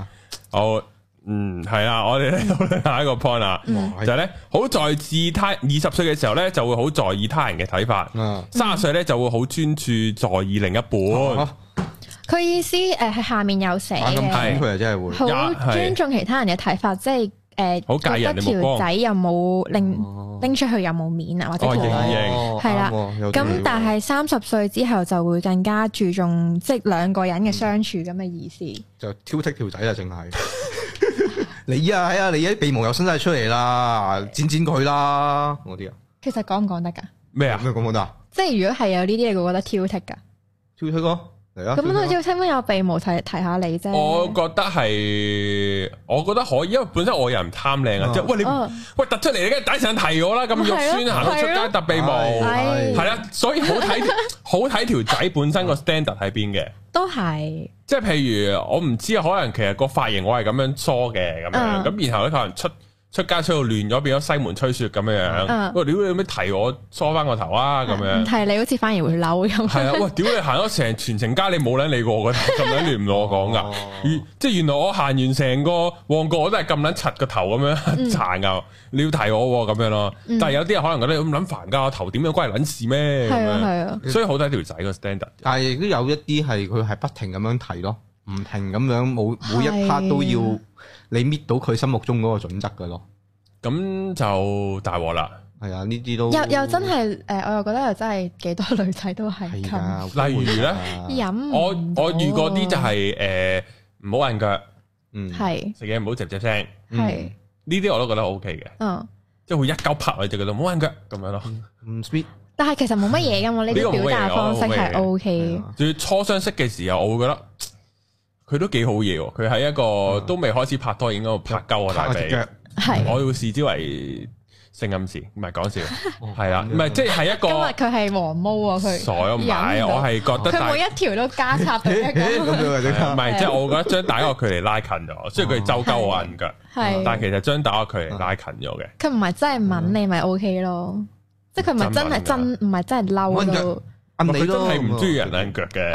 A: 好，嗯，係啊，我哋呢度呢下一個 point 啊，就係咧，好在自他二十歲嘅時候咧，就會好在意他人嘅睇法，三十歲咧，就會好專注在意另一半。
B: 佢意思誒，喺下面有寫咁係佢
A: 就真係
D: 會好尊重
B: 其他人嘅睇法，即係。誒，覺得條仔又冇拎拎出去又冇面啊，或者條女係啦，咁但係三十歲之後就會更加注重即係兩個人嘅相處咁嘅意思。
C: 就挑剔條仔啊，淨係你啊，係啊，你啲鼻毛又伸晒出嚟啦，剪剪佢啦嗰啲
B: 啊。其實講唔講得噶？
C: 咩啊？咩講唔講得？
B: 即係如果係有呢啲嘢，佢覺得挑剔噶。
C: 挑剔咯。
A: 咁都知，
B: 好似聽聞有鼻毛提提下你啫，我
C: 覺得係，
A: 我覺得可以，因為本身我又唔貪靚啊，即係喂你喂突出嚟，你梗係第一時間提我啦，咁肉酸行到出街突鼻毛，係啦，所以好睇好睇條仔本身個 standard 喺邊嘅，
B: 都係，
A: 即係譬如我唔知可能其實個髮型我係咁樣梳嘅咁樣，咁然後咧可能出。出街出到亂咗，變咗西門吹雪咁樣樣。喂、嗯，屌你咩提我梳翻個頭啊？咁樣提
B: 你好似反而會嬲咁。係啊，喂，
A: 屌你行咗成全程街，你冇捻理過你我，咁撚亂我講噶。即係原來我行完成個旺角，我都係咁捻柒個頭咁樣殘噶。嗯、你要提我咁樣
C: 咯。但係有啲人可能覺得咁捻煩㗎，我頭點樣關係捻事咩？係啊係啊。嗯、所以好多條仔個 standard，但係亦都有一啲係佢係不停咁樣提咯，唔停咁樣，每每一 part 都要。你搣到佢心目中嗰個準則嘅咯，咁就大鑊啦。係啊，呢啲都
A: 又又真係
B: 誒，我又覺得又真係幾多女仔都係。
A: 例如咧，飲我我遇過啲就係誒唔好韆腳，嗯係食嘢唔好雜雜聲，係呢啲我都覺得 O K 嘅。嗯，即係會一鳩拍我就覺得唔好韆腳咁樣咯，唔搣。
B: 但係其實冇乜嘢嘅嘛，呢啲表達方式係 O K 嘅。
A: 最初相識嘅時候，我會覺得。佢都幾好嘢，佢係一個都未開始拍拖，已經喺度拍鳩我大髀，係我要視之為性暗示，唔係講笑，係啦，唔係即係一個。因為
B: 佢係黃毛，啊，佢傻唔解，我係
A: 覺得佢每一
B: 條都加插咗一講，唔係即係我覺
A: 得將打我距離拉近咗，所以佢周鳩我按腳，
B: 係，但
A: 其實將打我距離拉近咗嘅。
B: 佢唔係真係吻你，咪 OK 咯，即係佢唔係真係真，唔係真係嬲佢都係唔
A: 中意人拉人腳嘅，係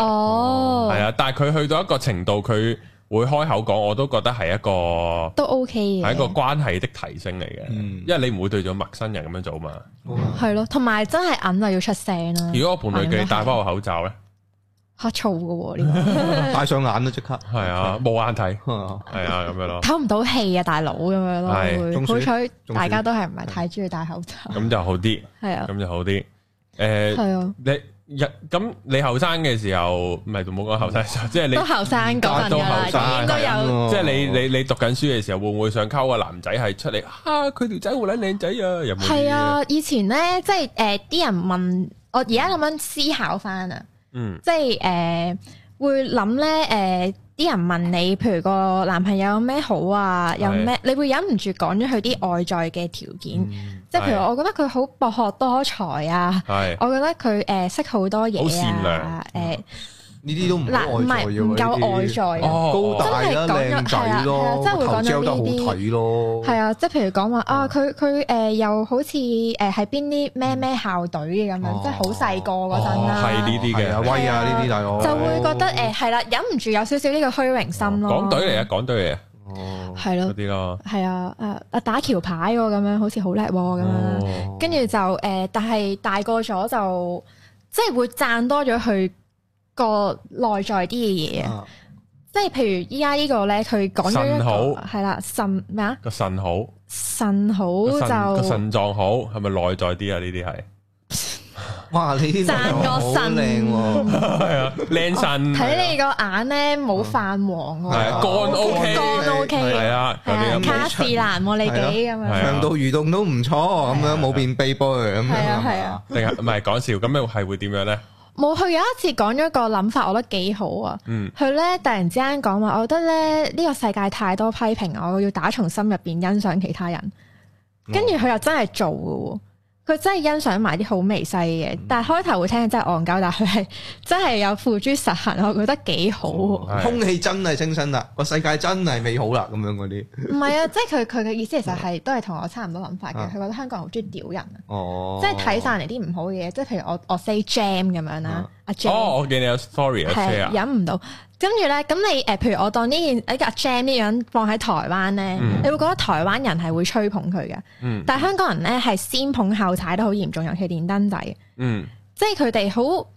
A: 啊，但係佢去到一個程度，佢會開口講，我都覺得係一個都 OK
B: 嘅，係一個
A: 關係的提升嚟嘅。因為你唔會對住陌生人咁樣做嘛，
B: 係咯。同埋真係硬啊，要出聲咯。如果我伴侶記戴
A: 翻個口罩
C: 咧，
B: 吓嘈噶喎，戴
C: 上眼都即刻係啊，冇眼睇，係啊咁樣咯，
A: 唞
B: 唔到氣啊，大佬咁樣咯，係好彩大家都係唔係太中意戴口
A: 罩，咁就好啲，係啊，咁就好啲。誒，係啊，你。日咁、嗯、你後生嘅時候，唔係就冇講後生，即係你都後
B: 生，個朋友應該都有，的即
A: 係你你你讀緊書嘅時候，會唔會想溝個男仔係出嚟？
B: 吓佢條仔好撚靚仔啊！有冇係啊？以前咧，即係誒，啲、呃、人問我，而家咁樣思考翻啊，嗯，即係誒、呃、會諗咧，誒、呃、啲人問你，譬如個男朋友有咩好啊，有咩，的你會忍唔住講咗佢啲外在嘅條件。嗯即係譬如，我覺得佢好博學多才啊！我覺得佢誒識好多嘢啊！誒，
C: 呢啲都唔嗱唔係唔夠外在啊！高大靚仔
B: 咯，即係會講到呢啲咯。係啊，即係譬如講話啊，佢佢誒又好似誒係邊啲咩咩校隊嘅咁樣，即係好細個嗰陣啦。
A: 係呢啲嘅威啊呢啲，就就會覺得誒
B: 係啦，忍唔住有少少呢個虛榮心咯。港隊嚟
A: 啊，港隊嚟啊！哦，係咯，
B: 係啊，誒，打橋牌咁樣，好似好叻咁樣，跟住、哦、就誒、呃，但係大個咗就即係會讚多咗佢個內在啲嘅嘢啊，即係譬如依家呢個咧，佢講咗一個係啦腎咩啊個腎好腎好，好就腎
A: 臟好係咪內在啲啊？呢啲係。
C: 哇！你
B: 讚個腎靚
C: 喎，係啊，靚腎。
A: 睇
B: 你個眼咧冇泛黃，係啊，肝 O K，肝 O K，係
C: 啊，係
A: 啊。卡士
B: 蘭喎，你哋咁樣，腸
C: 道蠕動都唔錯，咁
A: 樣冇變杯杯，係啊係啊。另外唔係講笑，咁又係會點樣咧？
B: 冇佢有一次講咗一個諗法，我覺得幾好啊。嗯，佢咧突然之間講話，我覺得咧呢個世界太多批評，我要打從心入邊欣賞其他人。跟住佢又真係做噶喎。佢真係欣賞埋啲好微細嘅，但係開頭會聽真係戇鳩，但係佢係真係有付諸實行，我覺得幾好。哦、空氣
C: 真係清新啦，個世界真係美好啦，咁樣嗰啲。唔係啊，即
B: 係佢佢嘅意思其實係、嗯、都係同我差唔多諗法嘅，佢覺得香港人，人、哦、好中意
C: 屌人
A: 啊，即係睇晒
B: 嚟啲唔好嘅嘢，即係譬如我我 say jam 咁樣啦，阿 Jam。嗯、阿 jam, 哦，我
A: 見你有 story 啊，車啊。忍
B: 唔是歉到。跟住咧，咁你誒、呃，譬如我當呢件呢、這個 Gem 呢樣放喺台灣咧，嗯、你會覺得台灣人係會吹捧佢嘅，嗯、但係香港人咧係先捧後踩都好嚴重，尤其電燈仔，嗯、即係佢哋好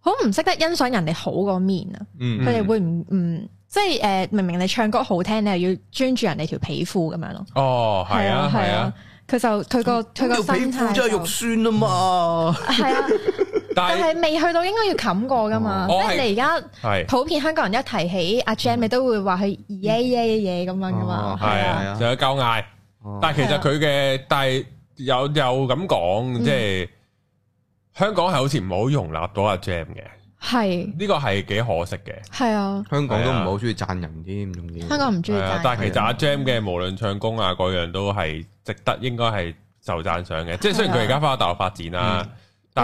B: 好唔識得欣賞人哋好個面啊！佢哋、嗯嗯、會唔唔即係誒、呃，明明你唱歌好聽，你又要專注人哋條皮膚咁樣咯？
A: 哦，係啊，係啊。
B: 佢就佢個佢個身體，即係肉
C: 酸啊嘛，
B: 係啊，但係未去到應該要冚過噶嘛，即係你而家係普遍香港人一提起阿 Jam，你都會話佢嘢嘢嘢咁樣噶嘛，
A: 係啊，仲有交嗌，但係其實佢嘅但係有有咁講，即係香港係好似唔好容納到阿 Jam 嘅。係，呢個係幾可惜嘅。
D: 係啊，香港都
A: 唔係好中意讚人添，仲要香港唔
B: 中意。啊啊、但係其實阿 Gem
A: 嘅無論唱功啊，個樣都係值得應該係受讚賞嘅。啊、即係雖然佢而家返咗大陸發展啦、啊。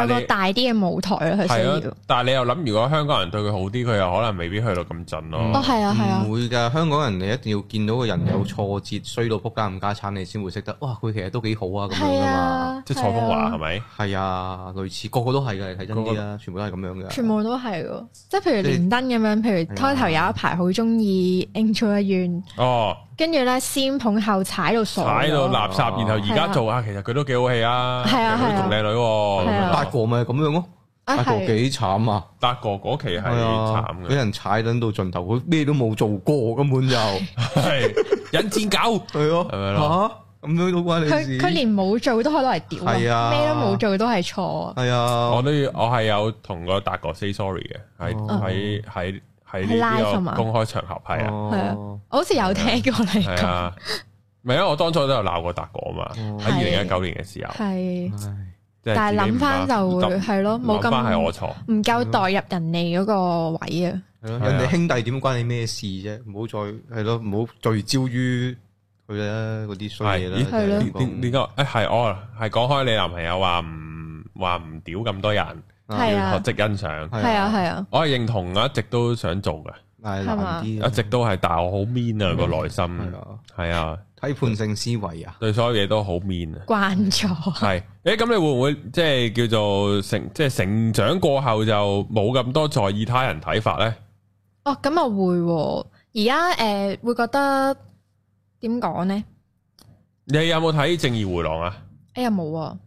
A: 有個大
B: 啲嘅舞台咯，佢需要。
A: 但係你
C: 又諗，如果香港人對佢好啲，佢又可能未必去到咁盡咯。
B: 哦，係啊，係啊，
C: 唔、啊、會㗎。香港人你一定要見到個人有挫折，衰、嗯、到仆街冚家鏟，你先會識得。哇，佢其實都幾好啊，咁、啊、樣㗎嘛。即蔡楓華係咪？係啊，啊，類似個個都係㗎，睇真啲啦、啊，個個全部都係咁樣嘅。全
B: 部都係喎，即係譬如連登咁樣，就是、譬如、啊、開頭有一排好中意 Angelababy 哦。跟住咧，先捧後踩到傻，踩到垃圾。然後而家做啊，
C: 其實佢都幾好戲啊，係啊，係同靚女。達哥咪咁樣咯，達哥幾慘啊，達哥嗰期係慘嘅，俾人踩到到盡頭，佢咩都冇做過，根本就係引戰狗。對咯，係咪咯，咁都都關
A: 你事，佢佢
B: 連冇做都可以攞嚟屌。係啊，咩都冇做都係錯，
A: 係啊，我都要，我係有同個達哥 say sorry 嘅，喺喺喺。喺呢個公開場合係啊，係、哦、啊，
B: 我好似有聽過你講。係啊，
A: 唔係啊，我當初都有鬧過達哥啊嘛，喺二零一九年嘅時候。
B: 係，但係諗翻就會係咯，冇咁諗係我錯，唔夠代入人哋嗰個位啊。
C: 人哋兄弟點關你咩事啫？唔好再係咯，唔好聚焦於佢啦，嗰啲衰嘢啦。點點點解？誒，係我
A: 係講開你男朋友話唔話唔屌咁多人。啊、要學識欣賞，係啊係啊，啊我係認同噶，一直都想做噶，係嗎一直都係、啊，但係我好 mean 啊個內心，係啊，批判性思維啊，對所有嘢都好 mean 啊，
B: 慣咗了，
A: 係，誒、欸、咁你會唔會即係、就是、叫做成即係、就是、成長過後就冇咁多在意他人睇法咧？
B: 哦，咁啊會、哦，而家誒會覺得點講咧？
A: 呢你有冇睇正義回廊啊？
B: 哎呀冇，啊、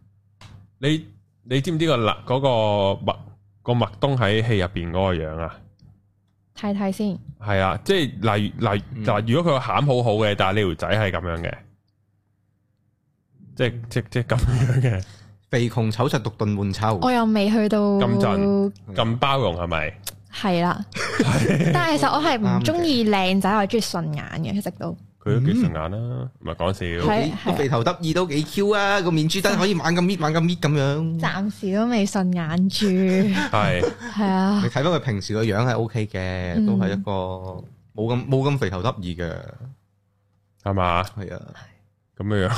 A: 你。你知唔知個嗱嗰個麥個麥冬喺戲入邊嗰個樣啊？
B: 睇睇先。
A: 係啊，即係例如，例如，嗱，如果佢個餡好好嘅，但係呢條仔係咁樣嘅，即係即即係
C: 咁樣嘅。肥窮醜實獨頓換醜。
A: 我又
B: 未去到咁真
C: 咁包容係咪？
B: 係啦，但係其實我係唔中意靚仔，我係中意順眼嘅一直都。佢都幾順
C: 眼啦，唔係講笑
B: 是，
A: 肥頭得
C: 意都幾 Q 啊，個面珠墩可以猛咁搣，猛咁搣咁樣。
B: 暫時都未順眼住，係係啊，你
C: 睇翻佢平時個樣係 O K 嘅，都係一個冇咁冇咁肥頭得意嘅，係嘛吧？係啊，咁嘅樣，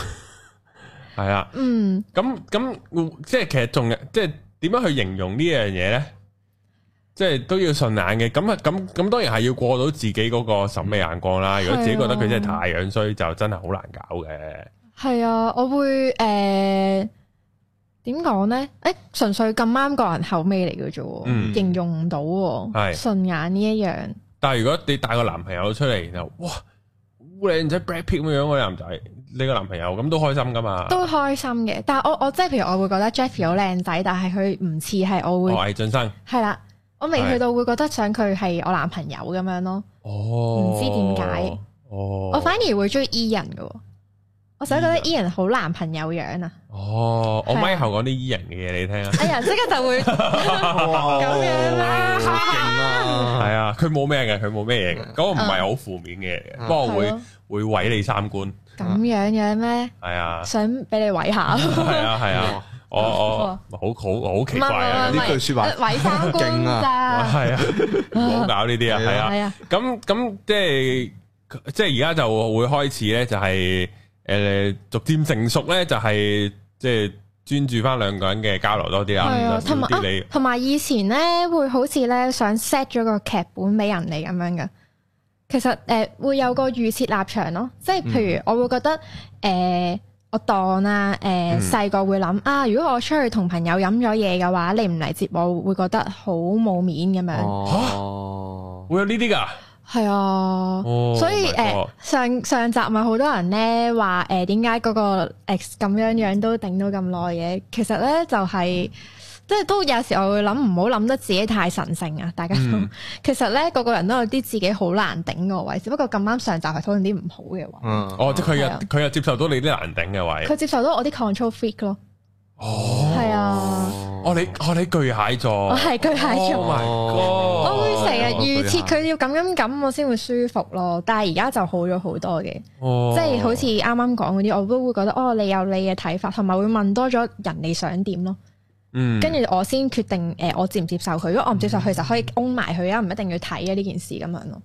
C: 係啊，
A: 嗯，咁咁即係其實仲有，即係點樣去形容呢樣嘢咧？即係都要順眼嘅，咁啊，咁咁當然係要過到自己嗰個審美眼光啦。嗯、如果自己覺得佢真係太樣衰，就真係好難搞嘅。
B: 係、嗯、啊，我會誒點講咧？誒、呃欸、純粹咁啱個人口味嚟嘅啫，形容唔到，係、嗯、順眼呢一樣。
A: 但係如果你帶個男朋友出嚟，然後哇，靚仔 Blackpink 咁樣嘅男仔，你個男朋友咁都開心噶嘛？都
B: 開心嘅，但係我我即係譬如我會覺得 Jeffrey 有靚仔，但係佢唔似係我會。我係俊生。係啦。嗯嗯嗯嗯嗯我未去到會覺得想佢係我男朋友咁樣咯，
D: 唔、oh、知點解。我反
B: 而會中意伊人嘅，我想覺得伊人好男朋友樣啊。哦，
A: 我咪後講啲伊人嘅嘢你聽啊。哎
B: 呀，即刻就會咁樣
D: 啦，
A: 係啊，佢冇咩嘅，佢冇咩嘢嘅，嗰個唔係好負面嘅，不過、uh, uh. 會會毀你三觀。
B: 咁樣樣咩？係啊，想俾你毀下。
A: 係啊，係色爭啊。哦哦，好好好奇怪啊！呢句說話是，韋三姑啊，係啊
D: 好
A: 搞呢啲啊，係啊，咁咁即係即係而家就會開始咧、就是，就係誒逐漸成熟咧、就是，就係即係專注翻兩個人嘅交流多啲啊。同埋對啊，
B: 同埋以前咧會好似咧想 set 咗個劇本俾人哋咁樣噶，其實誒、呃、會有個預設立場咯，即係譬如我會覺得誒。呃我當啦、啊，誒細個會諗啊，如果我出去同朋友飲咗嘢嘅話，你唔嚟接我，會覺得好冇面咁樣。嚇、哦，啊、
A: 會有呢啲㗎？係啊，
B: 哦、所以誒、哦呃、上上集咪好多人咧話誒點解嗰個 ex 咁樣，樣樣都頂到咁耐嘅？其實咧就係、是。嗯即係都有時，我會諗唔好諗得自己太神聖啊！大家都其實咧，個個人都有啲自己好難頂個位，只不過咁啱上集係討論啲唔好嘅位。
A: 哦，即係佢又佢又接受到你啲難頂嘅位。佢
B: 接受到我啲 control freak 咯。哦，係啊。
A: 哦，你哦你巨蟹座。我係巨蟹座，我
B: 會成日預設佢要咁樣咁，我先會舒服咯。但係而家就好咗好多嘅，即係好似啱啱講嗰啲，我都會覺得哦，你有你嘅睇法，同埋會問多咗人你想點咯。嗯，跟住我先決定誒，我接唔接受佢？如果我唔接受佢，就可以擁埋佢啊，唔一定要睇啊呢件事咁樣咯。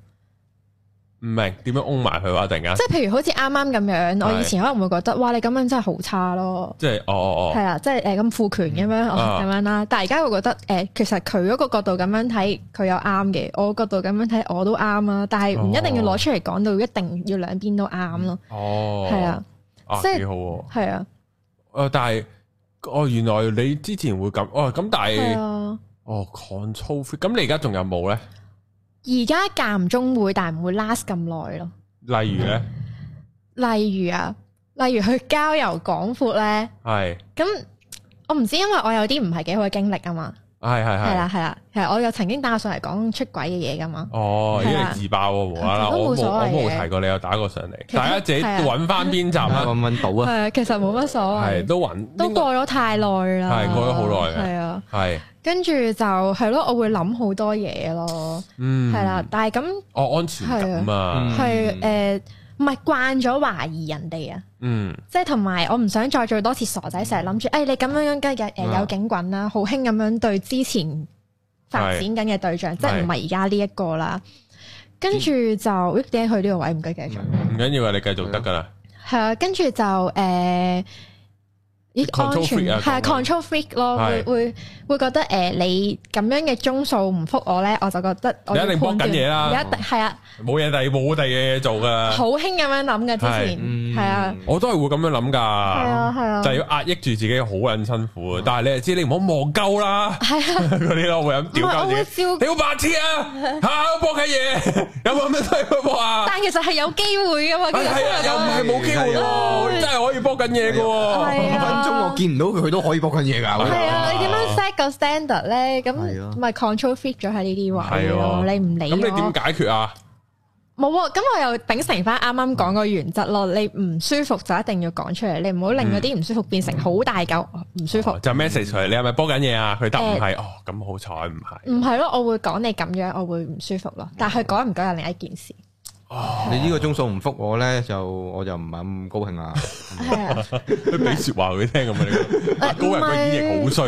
A: 唔明點樣擁埋佢啊？突然間，即係譬如
B: 好似啱啱咁樣，我以前可能會覺得，哇，你咁樣真係好差咯。
A: 即係，哦
D: 哦哦，係啦，
B: 即係誒咁負權咁樣咁樣啦。但係而家我覺得，誒，其實佢嗰個角度咁樣睇，佢有啱嘅；我角度咁樣睇，我都啱啦。但係唔一定要攞出嚟講到一定要兩邊都啱咯。哦，係啊，即係幾好，
A: 係啊，誒，但係。哦，原來你之前會咁，哦，咁但係，哦，control freak，咁你而家仲有冇咧？
B: 而家間唔中會，但唔會 last 咁耐咯。
A: 例如咧？
B: 例如啊，例如去郊遊廣闊咧。係。咁我唔知，因為我有啲唔係幾好嘅經歷啊嘛。
A: 係係係啦係
B: 啦，係我有曾經打上嚟講出軌嘅嘢噶嘛。哦，因為自
A: 爆啊嘛，我冇我冇提過你有打過上嚟，大家自己揾翻邊集啊，揾揾到啊。係啊，
B: 其實冇乜所謂。係都揾都過咗太耐啦。係過咗好耐嘅。係啊，係跟住就係咯，我會諗好多嘢咯。嗯，係啦，但係咁哦，安全感啊，係誒。唔係慣咗懷疑人哋啊，嗯即，即係同埋我唔想再做多次傻仔，成日諗住，哎你咁樣梗係誒有警棍啦，好輕咁樣對之前發展緊嘅對象，嗯、即係唔係而家呢一個啦，跟住就 update、嗯、去呢個位，唔該繼續，唔、嗯、
A: 緊要啊，你繼續得噶啦，係
B: 啊對了、嗯，跟住就誒。咦，control freak 啊，係啊，control freak 咯，會會會覺得誒，你咁樣嘅鐘數唔覆我咧，我就覺得我一定搏緊嘢啦，一定係啊，
A: 冇嘢但係冇第二嘢做㗎，好
B: 輕咁樣諗㗎之前，
A: 係啊，我都係會咁樣諗㗎，係啊係啊，就係要壓抑住自己好撚辛苦啊，但係你又知你唔好望鳩啦，係啊，啲咯會咁屌白痴啊，嚇搏緊嘢，有冇咁樣睇？係啊，但
B: 其實係有機會㗎嘛，係啊，又
C: 唔係冇機會真係可以搏緊嘢㗎喎。
B: 我
C: 見唔到佢，佢都可以播緊嘢㗎。係啊，你點樣 set
B: 個 standard 咧？咁咪 control fit 咗喺呢啲位咯。你唔理咁，你點解決啊？冇喎，咁我又秉承翻啱啱講個原則咯。你唔舒服就一定要講出嚟，你唔好令嗰啲唔舒服變成好大嚿唔舒服。就 message 佢，
A: 你係咪播緊嘢啊？佢答唔係，哦，咁好彩唔係。
B: 唔係咯，我會講你咁樣，我會唔舒服咯。但係佢講唔講又另一件事。
C: 你呢個鐘數唔復我咧，就我就唔係咁高興啊！俾說話佢聽咁啊，
B: 高人嘅演繹好衰，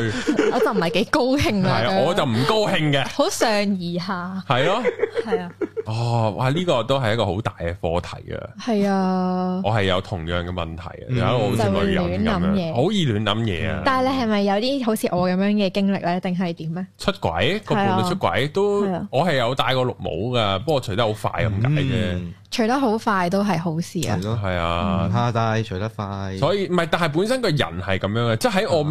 B: 我就唔係幾高興啊！係啊，我就
C: 唔高興嘅，
B: 好上而下係咯，
A: 係啊，哦，哇，呢個都係一個好大嘅課題啊！
B: 係啊，
A: 我係有同樣嘅問題啊，我好容易亂諗嘢，好易亂諗嘢啊！但
B: 係你係咪有啲好似我咁樣嘅經歷咧，定係點咧？
A: 出軌個伴侶出軌都，我係有戴過綠帽噶，不過除得好快咁解啫。
B: 除得好快都係好事啊！係咯了，
A: 係啊、嗯，
C: 怕戴除得快，
A: 所以唔係，但係本身個人係咁樣嘅，即係喺我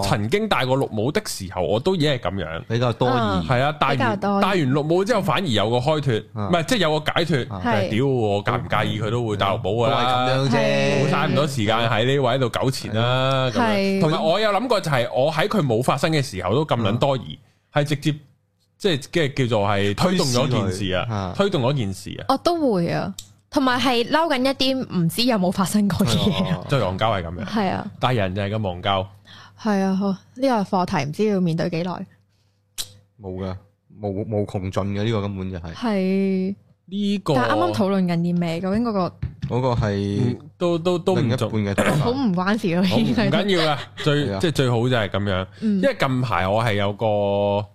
A: 未曾經戴過綠帽的時候，我都已經係咁樣比較多疑，係啊，戴完戴完綠帽之後反而有個開脱，唔係即係有個解脱，係、啊、屌，我介唔介意佢都會戴綠帽噶啦，咁、啊、樣啫，冇嘥咁多時間喺呢位度糾纏啦。係的，同埋的我有諗過就係我喺佢冇發生嘅時候都咁撚多疑，係直接。即係，即係叫做係推動咗件事啊，推動咗件事啊。
B: 我都會啊，同埋係嬲緊一啲唔知有冇發生過嘅嘢啊。
A: 就忘交係咁樣，係啊，大人就係咁忘
C: 交。
B: 係啊，好，呢個課題唔知要面對幾耐。
C: 冇噶，無無窮盡嘅呢個根本
B: 就係。係呢個，但係啱啱討論緊啲咩？究竟嗰個
C: 嗰個係都都都另一半嘅。
B: 好唔關事咯，唔緊要噶，
A: 最即係最好就係咁樣。因為近排我係有個。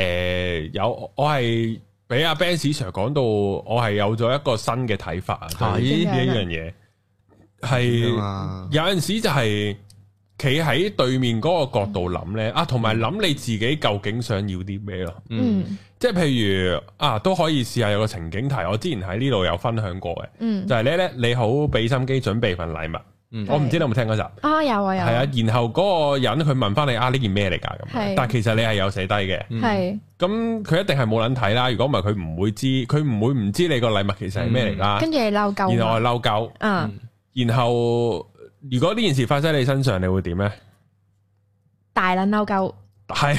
A: 誒、呃，有我係俾阿 Ben Sir 講到，我係有咗一個新嘅睇法啊。呢呢一樣嘢係有陣時就係企喺對面嗰個角度諗咧，嗯、啊，同埋諗你自己究竟想要啲咩咯。嗯，即係譬如啊，都可以試下有個情景題，我之前喺呢度有分享過嘅，嗯，就係咧咧，你好俾心機準備份禮物。我唔知你有冇聽嗰集
B: 啊？有啊有，係啊，
A: 然後嗰個人佢問翻你啊呢件咩嚟噶咁，但係其實你係有寫低嘅，係，咁佢一定係冇撚睇啦，如果唔係佢唔會知，佢唔會唔知你個禮物其實係咩嚟噶，跟住你
B: 嬲鳩，然後我嬲鳩，嗯，
A: 然後如果呢件事發生喺你身上，你會點咧？
B: 大撚嬲鳩，
A: 係，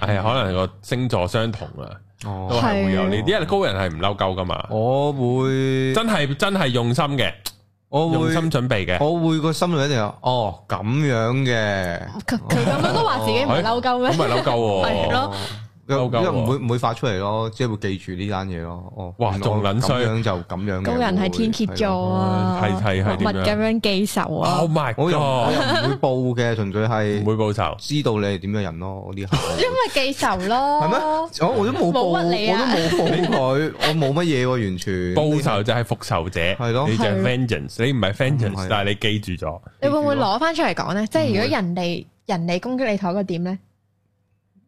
A: 係可能個星座相同啊，都係會有呢啲，高人係唔嬲鳩噶嘛，我
C: 會，真
A: 係真係用心嘅。我會用心準備
C: 嘅，我會個心裏一定有，哦咁樣嘅，佢
D: 咁樣都話自己唔嬲鳩咩？唔係嬲鳩喎，係 咯。
C: 因為唔會唔會發出嚟咯，即係會記住呢單嘢咯。哦，哇，仲捻衰，就咁樣。高人
B: 係天蠍座啊，係係係點啊？咁樣記仇啊？唔
C: 係，我又唔會報嘅，純粹係唔會報仇，知道你係點嘅人咯，我呢下。因
B: 為記仇咯，係咩？我我都冇報你啊，我都冇報佢，
C: 我冇乜嘢，完全報仇就係復
A: 仇者，係咯，你係 vengeance，你唔係 vengeance，但係你記住咗。
B: 你會唔會攞翻出嚟講咧？即係如果人哋人哋攻擊你，睇個點咧？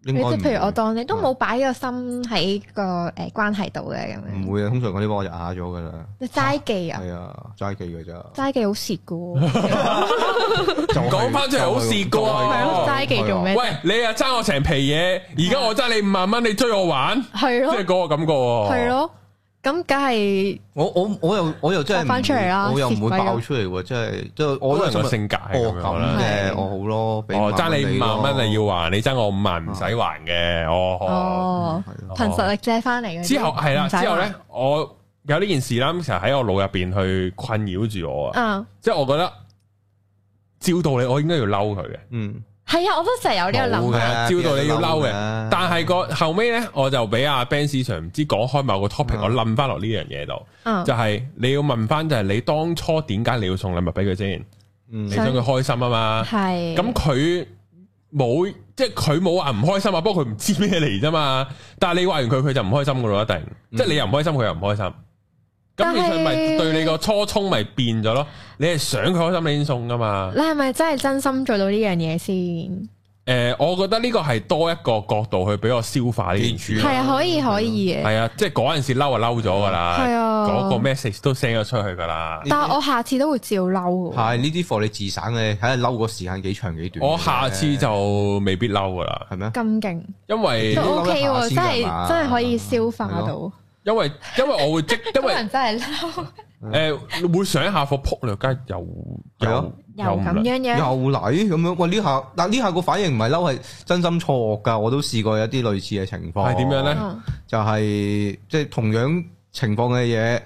C: 你
A: 即係譬如
B: 我當你都冇擺個心喺個誒關係度嘅咁
C: 樣，唔會啊，通常嗰啲幫我就啞咗噶啦。齋
B: 記啊，係啊，齋記㗎
C: 咋？
B: 齋語記、啊、好蝕噶，
C: 講
A: 翻出嚟好蝕噶。齋記做咩？語啊、喂，你啊，爭我成皮嘢，而家我爭你五萬蚊，你追我玩？係咯，即係嗰個感覺。係咯。
B: 語語語咁梗係
A: 我我我
D: 又我又真係翻出嚟啦，我又唔會爆
C: 出嚟喎，即係即係我都係個性格哦咁誒，我
A: 好咯，俾翻你五萬蚊，你要還你爭我五萬唔使還嘅，哦哦，
B: 憑實力借翻嚟嘅之後係啦，之後咧
A: 我有呢件事啦，成日喺我腦入邊去困擾住我啊，即係我覺得照道理我應該要嬲佢嘅，嗯。
B: 係啊，我都成日有呢個諗嘅，
A: 照道理的你要嬲嘅。但係，那個的後尾咧，我就俾阿 Ben Sir 唔知講開某個 topic，嗯、我冧翻落呢樣嘢度，就係、是、你要問翻，就係你當初點解你要送禮物俾佢先？嗯、你想佢開心啊嘛？係咁佢冇，即係佢冇話唔開心啊。的不過佢唔知咩嚟啫嘛。但係你話完佢，佢就唔開心噶咯，一定。即係你又唔開心，佢、嗯、又唔開心。咁
B: 佢咪對你
A: 個初衷咪變咗咯？你係想佢開心你先送噶嘛？
B: 你係咪真係真心做到呢樣嘢先？
A: 誒，我覺得呢個係多一個角度去俾我消化呢件事。係啊，
B: 可以，可以
A: 嘅。係啊，即係嗰陣時嬲啊，嬲咗噶啦。係啊，嗰個 message 都
C: send 咗出去噶啦。
A: 但係
B: 我下次都會照嬲嘅。
C: 係呢啲貨你自省嘅，睇下嬲個時間幾長幾
B: 短。我下次
C: 就未必嬲噶啦，係咩？
B: 咁勁，因為都 OK 喎，真係真係可以消化到。
A: 因為因為我會即，
B: 因為可能真
A: 係撈，誒會上一下課撲略街又
C: 又
B: 又咁樣樣，
C: 又嚟咁樣。喂，呢下嗱，呢下個反應唔係嬲，係真心錯噶。我都試過有啲類似嘅情況。係點樣咧？就係即係同樣情況嘅嘢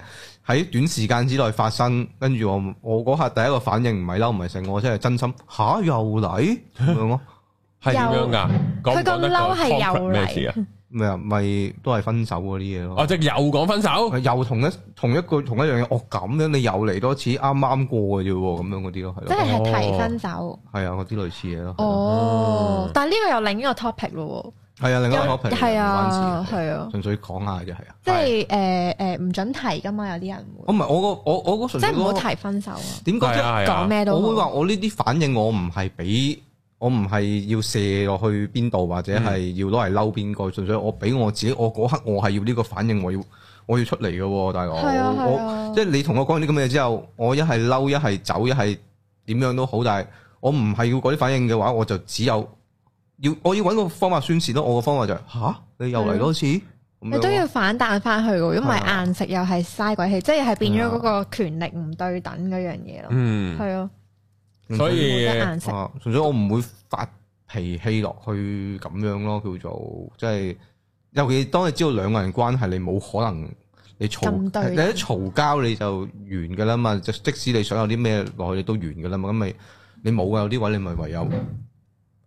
C: 喺短時間之內發生，跟住我我嗰下第一個反應唔係嬲，唔係成我真係真心吓又嚟咁樣咯。係咁樣噶？佢咁嬲係又嚟？咩啊？咪都係分手嗰啲嘢咯。我即係又講分手，又同一同一個同一樣嘢，哦，咁樣你又嚟多次，啱啱過嘅啫喎，咁樣嗰啲咯，係咯。即係提分手，係啊，嗰啲類似嘢咯。哦，
B: 但係呢個又另一個 topic 咯。
C: 係啊，另一個 topic 係啊，係啊，純粹講下嘅啫，係啊。
B: 即係誒誒，唔准提噶嘛，有啲人
C: 會。唔係我個我我純粹即係唔好提分手啊。點講啫？講咩都。我會話我呢啲反應，我唔係俾。我唔係要射落去邊度，或者係要攞嚟嬲邊個，純、嗯、粹我俾我自己，我嗰刻我係要呢個反應我，我要我要出嚟嘅，大佬、啊。係啊。即係、就是、你同我講啲咁嘅嘢之後，我一係嬲，一係走，一係點樣都好，但係我唔係要嗰啲反應嘅話，我就只有要我要揾個方法宣泄咯。我個方法就吓、是啊，你又嚟多次，你、啊、樣都
B: 要反彈翻去嘅，如果唔係硬食又係嘥鬼氣，即、就、係、是、變咗嗰個權力唔對等嗰樣嘢咯。啊啊、嗯，係啊。所以，所以
C: 啊，純粹我唔會發脾氣落去咁樣咯，叫做即係，尤其當你知道兩個人關係，你冇可能你嘈，你一嘈交你就完噶啦嘛，就即使你想有啲咩落去，你都完噶啦嘛，咁咪，你冇啊，有啲位，你咪唯有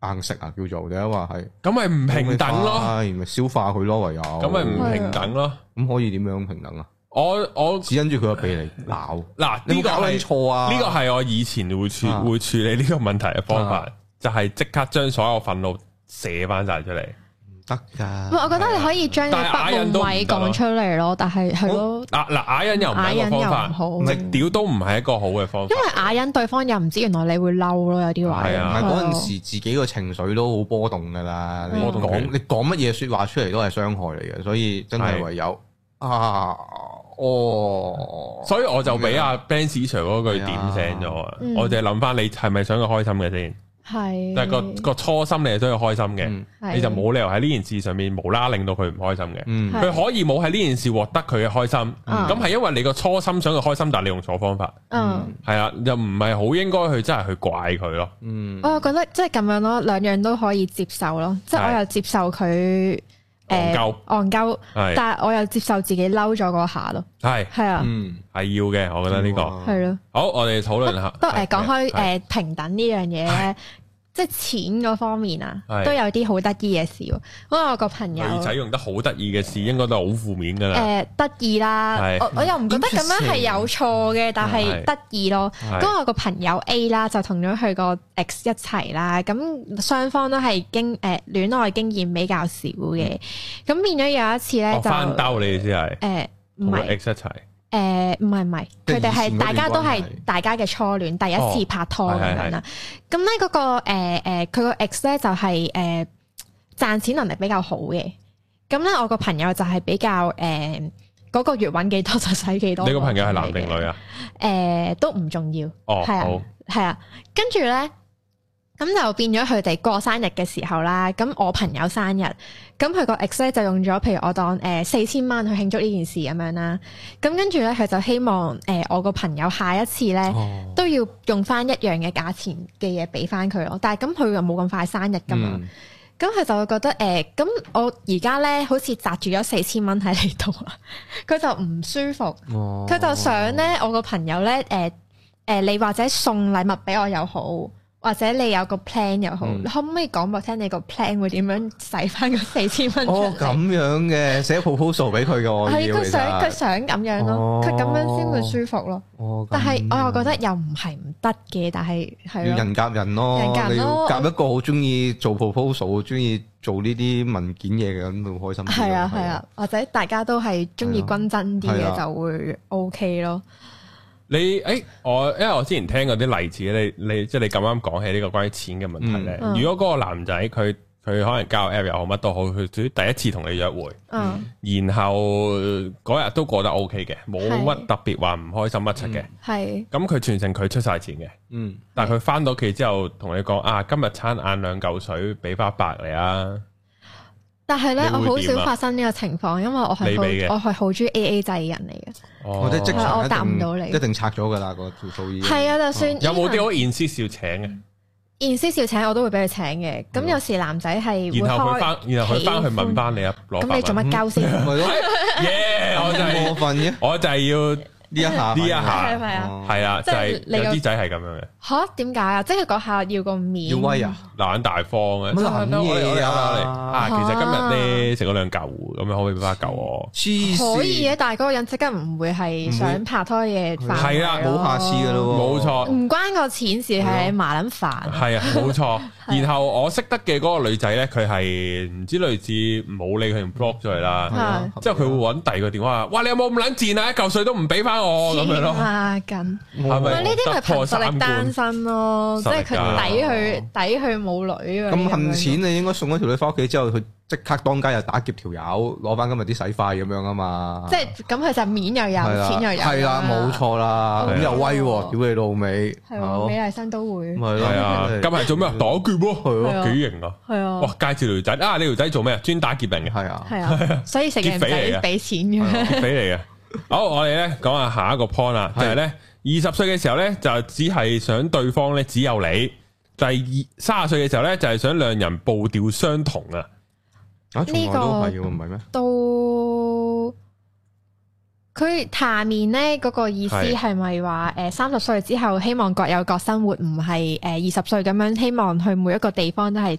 C: 硬食啊，叫做你啊話係，咁咪唔平等咯，咪消化佢咯，唯有，咁咪唔平等咯，咁、嗯啊、可以點樣平等啊？我我只因住佢個鼻嚟鬧，嗱嗱呢個係呢個
A: 係我以前會處會處理呢個問題嘅方法，就係即刻將所有憤怒寫翻晒出嚟，唔得噶。我
B: 覺得你可以將嘅不滿講出嚟咯，但係係咯，
A: 嗱嗱，嗌人又唔係個方法，好，直
C: 屌都唔係一個好嘅方
A: 法。因
B: 為嗌人對方又唔知原來你會嬲咯，有啲壞。係啊，嗰陣時
C: 自己個情緒都好波動噶啦，你講你講乜嘢說話出嚟都係傷害嚟嘅，所以真係唯有啊～哦，所以
A: 我就俾阿 Ben Sir 嗰句點醒咗，我就係諗翻你係咪想佢開心嘅先？
D: 係，但係個個
A: 初心你係想佢開心嘅，你就冇理由喺呢件事上面無啦令到佢唔開心嘅。佢可以冇喺呢件事獲得佢嘅開心，咁係因為你個初心想佢開心，但係你用錯方法。
D: 嗯，
A: 係啊，又唔係好應該去真係去怪佢咯。嗯，我
B: 又覺得即係咁樣咯，兩樣都可以接受咯。即係我又接受佢。戇鳩，戇鳩、嗯，嗯、但係我又接受自己嬲咗嗰下咯。
A: 係是，係啊，嗯，係要嘅，我覺得呢、呢個係咯。嗯啊啊、好，我哋討論下。不誒、啊，講開誒
B: 平是、呃、等呢樣嘢。是即係錢嗰方面啊，都有啲好得意嘅事。是因為我個朋友使
A: 用得好得意嘅事，應該都係好負面噶啦。誒、呃、
B: 得意啦，是我，我又唔覺得咁樣係有錯嘅，是但係得意咯。咁是我個朋友 A 啦，就同咗佢個 ex 一齊啦，咁雙方都係經誒、呃、戀愛經驗比較少嘅，咁、嗯、變咗有一次咧就翻兜，
A: 你意思係誒唔係 ex 一齊。
B: 誒，唔係唔係，佢哋係大家都係大家嘅初戀，哦、第一次拍拖咁是樣啦。咁咧嗰個誒誒，佢、呃、個、呃、X 咧就係誒賺錢能力比較好嘅。咁咧我個朋友就係比較誒嗰、呃嗰個月揾幾多就使幾多。你個朋友係男定女啊？誒、呃，都唔重要。哦，好、啊，係、哦、啊。跟住咧。咁就變咗佢哋過生日嘅時候啦。咁我朋友生日，咁佢個 ex 咧就用咗，譬如我當誒四千蚊去慶祝呢件事咁樣啦。咁跟住咧，佢就希望誒、呃、我個朋友下一次咧、哦、都要用翻一樣嘅價錢嘅嘢俾翻佢咯。但係咁佢又冇咁快生日噶嘛，咁佢、嗯、就會覺得誒咁、呃、我而家咧好似砸住咗四千蚊喺你度啊，佢 就唔舒服，
D: 佢、哦、就想
B: 咧我個朋友咧誒誒你或者送禮物俾我又好。或者你有個 plan 又好，可唔可以講我聽你個 plan 會點樣使翻個四千蚊？哦，咁
C: 樣嘅寫 proposal 俾佢嘅，我以為其實佢想佢
B: 想咁樣咯，佢咁樣先會舒服咯。
C: 但係我
B: 又覺得又唔係唔得嘅，但係係人
C: 夾人咯，人夾人咯，夾一個好中意做 proposal，中意做呢啲文件嘢嘅咁會開心。係
B: 啊係啊，或者大家都係中意均真啲嘅就會 OK 咯。
A: 你，誒、欸，我，因為我之前聽過啲例子，你，你，即係你咁啱講起呢個關於錢嘅問題咧。嗯、如果嗰個男仔，佢，佢可能交 app 又好乜都好，佢，最第一次同你約會，嗯，然後嗰日都過得 OK 嘅，冇乜特別話唔開心乜柒嘅，係，咁佢全程佢出晒錢嘅，嗯，嗯但係佢翻到屋企之後同你講，嗯、啊，的今日餐晏兩嚿水，俾翻一百你啊。
B: 但係咧，我好少發生呢個情況，因為我係好，我係好中意 A A 制嘅人嚟嘅。我即係我答唔到你，一
A: 定拆咗噶啦條數。係啊，就算有冇啲好 insist 要請嘅
B: insist 要請我都會俾佢請嘅。咁有時男仔係然後佢翻，然後佢翻去問
A: 翻你啊，咁你做乜交先？耶！我就係過分嘅，我就係要。呢一下呢一下，係啊，係咪啊，就係有啲仔係咁樣嘅。
B: 嚇點解啊？即係是嗰要、啊、下要個面，要威啊，
A: 懶大方懶啊，懶嘢啊。其實今日咧食咗兩嚿，咁樣可唔可以翻一嚿？可以
B: 嘅、啊，但係嗰個人即刻唔會係想拍拖嘅飯。係啊，冇、
A: 啊、下次噶咯、啊，冇錯。
B: 唔關個錢事，係麻撚煩。係
A: 啊，冇、啊、錯。然後我識得嘅嗰個女仔咧，佢係唔知類似冇理佢用 blog 出嚟啦，即係佢會揾第二個電話，的哇！你有冇咁撚賤啊？舊水都唔俾翻我咁樣咯，係咪呢啲係憑實力單
B: 身咯，即係佢抵佢抵佢冇女啊！咁恨錢
C: 你應該送咗條女翻屋企之後佢。即刻當街又打劫條友，攞翻今日啲使費咁樣啊嘛！即
B: 係咁佢就面又有，錢又有，係啦，冇錯
C: 啦，咁又威，屌你老味，係啊，美
B: 麗新
A: 都會，係啊，今日做咩啊？打劫噃，係幾型啊，係啊，哇！介紹條仔啊，你條仔做咩啊？專打劫人嘅，係啊，係啊，
B: 所以成日唔使俾錢嘅，俾
A: 你嘅。好，我哋咧講下下一個 point 啦，就係咧二十歲嘅時候咧，就只係想對方咧只有你；第二卅歲嘅時候咧，就係想兩人步調相同啊。呢個
B: 都唔係咩？都佢下面咧嗰個意思係咪話誒，三十歲之後希望各有各生活，唔係誒，二十歲咁樣希望去每一個地方都
A: 係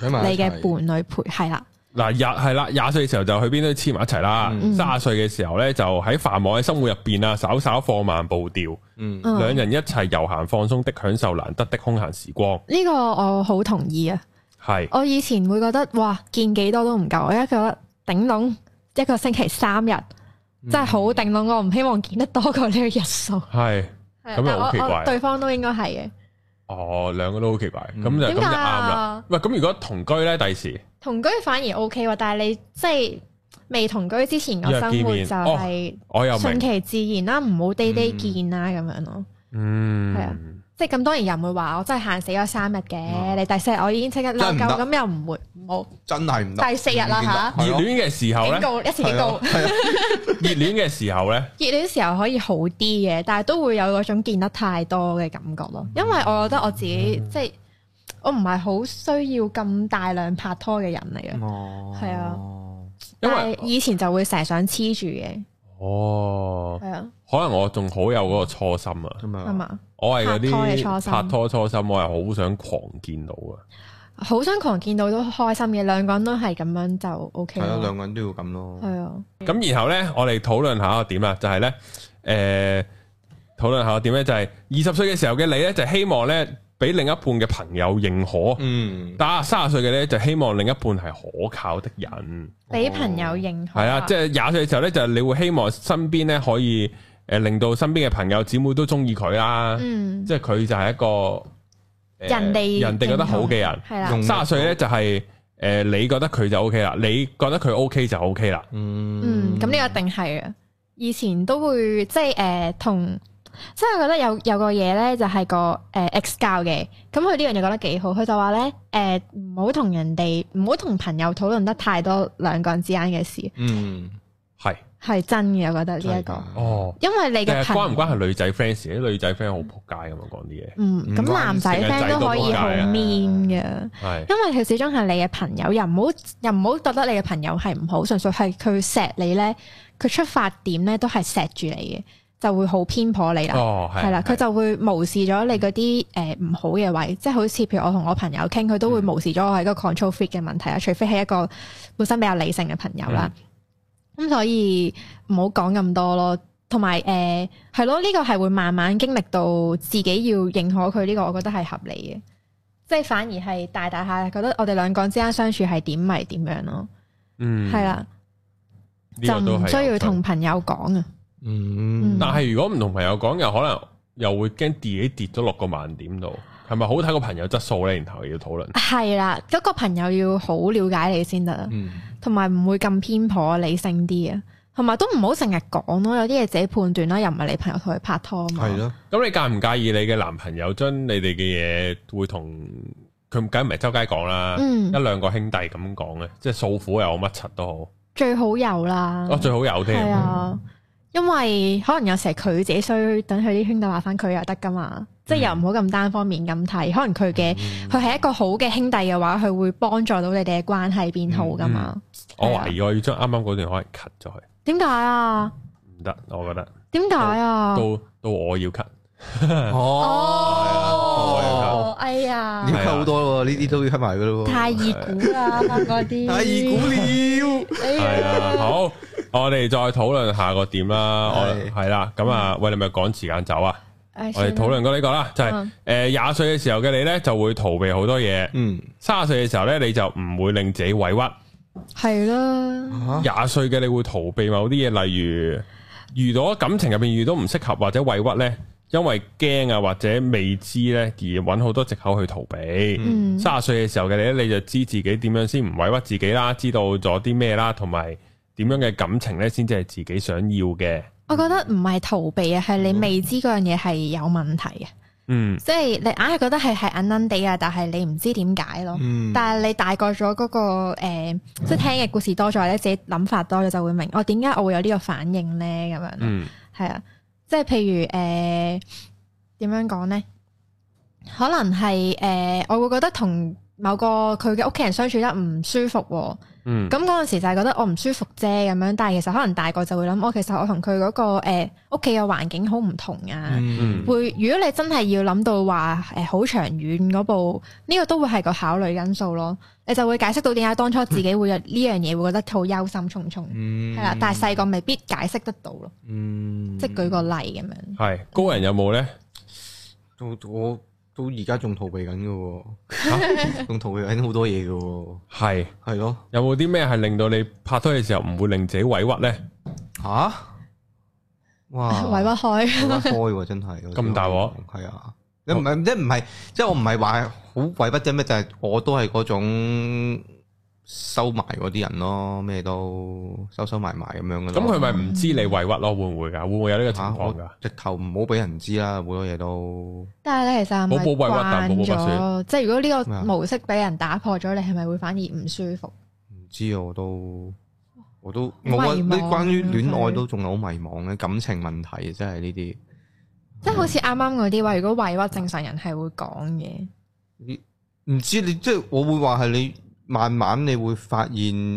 A: 你嘅伴
B: 侶陪，係啦。
A: 嗱，廿係啦廿歲嘅時候就去邊都黐埋一齊啦。卅、嗯、歲嘅時候咧就喺繁忙嘅生活入邊啊，稍稍放慢步調，嗯，嗯兩人一齊遊閒放鬆的享受難得的空閒時光。
B: 呢、嗯、個我好同意啊！係，是我以前會覺得哇，見幾多都唔夠，我而家覺得頂籠一個星期三日，嗯、真係好頂籠。我唔希望見得多過呢個日數。
A: 係，咁又好奇怪，對
B: 方都應該係嘅。
A: 哦，兩個都好奇怪，咁、嗯、就咁就啱啦。喂，咁如果同居咧，第時
B: 同居反而 OK，但係你即係未同居之前嘅生活就係、哦，我又順其自然啦，唔好地地見啦，咁、嗯、樣咯。嗯，係啊、嗯。嗯即係咁多人又唔會話我真係限死咗三日嘅，你第四日我已經即刻鬧夠，咁又唔會冇。
C: 真係唔
A: 得。第四日啦吓，熱戀嘅時候咧，警告一次警告熱戀嘅時候咧，
B: 熱戀嘅時候可以好啲嘅，但係都會有嗰種見得太多嘅感覺咯。因為我覺得我自己即係我唔係好需要咁大量拍拖嘅人嚟嘅，係啊。但係以前就會成日想黐住嘅。
A: 哦，係啊，可能我仲好有嗰個初心啊，係嘛，我係嗰啲拍拖初心，我係好想狂見到啊。
B: 好想狂見到都開心嘅，兩個人都係咁樣就 O K，係咯，兩
A: 個人都要咁咯，
B: 係啊，咁然後
A: 呢，我哋討論下個點啊，就係呢，誒，討論下個點呢，就係二十歲嘅時候嘅你呢，就希望呢。俾另一半嘅朋友認可，打三十歲嘅咧就希望另一半係可靠的人，
B: 俾朋友認可。係啊，即係
A: 廿歲嘅時候咧就你會希望身邊咧可以誒令到身邊嘅朋友姊妹都中意佢啦，即係佢就係一個人哋人哋覺得好嘅人。係啦，卅歲咧就係誒你覺得佢就 O K 啦，你覺得佢 O K 就 O K 啦。嗯，
B: 咁呢個一定係啊，以前都會即係誒同。即係我覺得有有個嘢咧，呃、就係個誒 x 教嘅，咁佢呢樣嘢覺得幾好。佢就話咧，誒唔好同人哋，唔好同朋友討論得太多，兩個人之間嘅事。
D: 嗯，係
B: 係真嘅，我覺得呢、這、一個、就
D: 是、哦，因為你嘅關
B: 唔關
A: 係女仔 friend 時，啲女仔 friend 好扑街噶嘛，講啲嘢。嗯，咁男仔 friend 都可以好
B: mean 噶，係，因為佢始終係你嘅朋友，又唔好又唔好覺得你嘅朋友係唔好，純粹係佢錫你咧，佢出發點咧都係錫住你嘅。就會好偏頗你啦，係啦、哦，佢的就會無視咗你嗰啲誒唔好嘅位，即係好似譬如我同我朋友傾，佢都會無視咗我喺個 control freak 嘅問題啊，嗯、除非係一個本身比較理性嘅朋友啦。咁、嗯嗯、所以唔好講咁多咯，同埋誒係咯，呢、呢個係會慢慢經歷到自己要認可佢呢、呢個，我覺得係合理嘅，即係反而係大大下覺得我哋兩個之間相處係點咪點樣咯。嗯，係啦，就唔需要同朋友講啊。嗯嗯
A: 嗯，但係如果唔同朋友講，又可能又會驚跌，跌跌咗落個萬點度，係咪好睇個朋友質素咧？然後要討論，
B: 係啦，一、嗰個朋友要好了解你先得啦，嗯，同埋唔會咁偏頗，理性啲啊，同埋都唔好成日講咯，有啲嘢自己判斷啦，又唔係你朋友同佢拍拖啊嘛，係咯
A: 的，咁、嗯、你介唔介意你嘅男朋友將你哋嘅嘢會同佢，梗係唔係周街講啦，嗯、一兩個兄弟咁講咧，即係訴苦又乜柒都好，
B: 最好有啦，哦，最好有添，嗯因為可能有時係佢自己衰，等佢啲兄弟話翻佢又得噶嘛，嗯、即係又唔好咁單方面咁睇，可能佢嘅佢係一個好嘅兄弟嘅話，佢會幫助到你哋嘅關係變好噶嘛。嗯啊、
A: 我懷疑我要將啱啱嗰段可能 cut 咗佢。點解啊？唔得，我覺得。
B: 點解啊？到
C: 到我要 cut。
A: 哦，
B: 哎呀，點開好
C: 多咯，呢啲都要開埋噶咯，
B: 太熱股啦，嗰啲太熱股料，
A: 係啊，好，我哋再討論下個點啦，我係啦，咁啊，喂，你咪趕時間走啊，
B: 我哋討論
A: 過呢個啦，就係誒廿歲嘅時候嘅你咧，就會逃避好多嘢，嗯，卅歲嘅時候咧，你就唔會令自己委屈，
B: 係啦，廿
A: 歲嘅你會逃避某啲嘢，例如如果感情入邊遇到唔適合或者委屈咧。因為驚啊，或者未知咧，而揾好多借口去逃避。三十歲嘅時候嘅你咧，你就知自己點樣先唔委屈自己啦，知道咗啲咩啦，同埋點樣嘅感情咧，先至係自己想要嘅。
B: 我覺得唔係逃避啊，係你未知嗰樣嘢係有問題嘅。嗯，即係你硬係覺得係係掹掹地啊，但係你唔知點解咯。嗯，但係你大個咗嗰個誒，呃嗯，即係聽嘅故事多咗咧，自己諗法多咗就會明，我點解我會有呢個反應咧？咁樣，嗯，係啊。即係譬如，誒、呃，點樣講咧？可能係誒、呃，我會覺得同某個佢嘅屋企人相處得唔舒服、哦。嗯，咁嗰陣時就係覺得我唔舒服啫，咁樣，但係其實可能大個就會諗，我其實我同佢嗰個誒屋企嘅環境好唔同啊，嗯、會如果你真係要諗到話誒好長遠嗰部，呢、這個都會係個考慮因素咯，你就會解釋到點解當初自己會呢、嗯、樣嘢會覺得好憂心忡忡，
D: 係、嗯、啦，但係細
B: 個未必解釋得到咯，嗯，即係舉個例咁樣，
C: 係高人有冇咧？都我。都而家仲逃避緊嘅喎，仲、啊、 逃避緊好多嘢嘅喎。係是，係咯的。有冇啲咩係令到你拍拖嘅時候唔會令自己委屈咧？吓、啊？哇！
B: 委屈開，委屈
C: 開喎，真係咁大鑊。係啊，你唔係，即唔係，即係我唔係話好委屈啫咩？就係我都係嗰種。收埋嗰啲人咯，咩都收收埋埋咁樣嘅。咁佢咪唔知你委屈咯？會唔會噶？會唔會有呢個情況噶？啊、直頭唔好俾人知啦，好多嘢都。
B: 但係咧，其實係咪慣咗？冇委屈但冇委屈即係如果呢個模式俾人打破咗麼，你係咪會反而唔舒服？唔
C: 知啊，我都，我都我啲關於戀愛都仲係好迷茫嘅 Okay. 感情問題真係呢啲。
B: 即係好似啱啱嗰啲話，如果委屈正常人係會講嘢，
C: 唔、嗯、知你即係我會話係你。慢慢你會發現，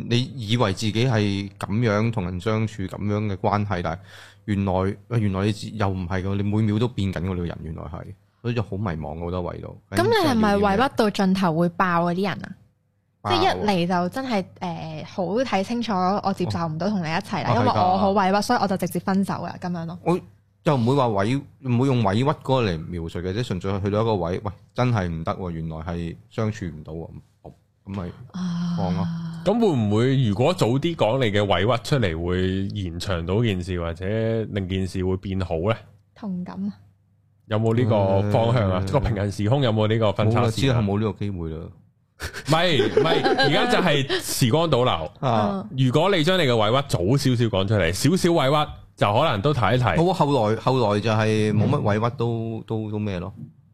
C: 你以為自己係咁樣同人相處咁樣嘅關係，但係原來原來你又唔係噶，你每秒都變緊嗰個人。原來係所以就好迷茫好多位度。咁你係
B: 咪委屈到盡頭會爆嗰啲人啊？爆即係一嚟就真係誒、呃，好睇清楚，我接受唔到同你一齊啦，啊、因為我好委屈，所以我就直接分手噶咁樣咯。
C: 我就唔會話委唔會用委屈個嚟描述嘅，即係純粹去到一個位，喂，真係唔得，原來係相處唔到。咁咪講咁會唔會，如果早啲講
A: 你嘅委屈出嚟，會延長到件事，或者令件事會變好咧？
B: 同感，
A: 有冇呢個方向啊？個、嗯、平行時空有冇
C: 呢個分叉？知道冇呢個機會啦。
A: 唔
B: 係唔係，而家就
A: 係時光倒流啊！ 如果你將你嘅委屈早少少講出嚟，少少委屈就可能都睇一睇。
C: 好啊，後來後來就係冇乜委屈都、嗯都，都都都咩咯？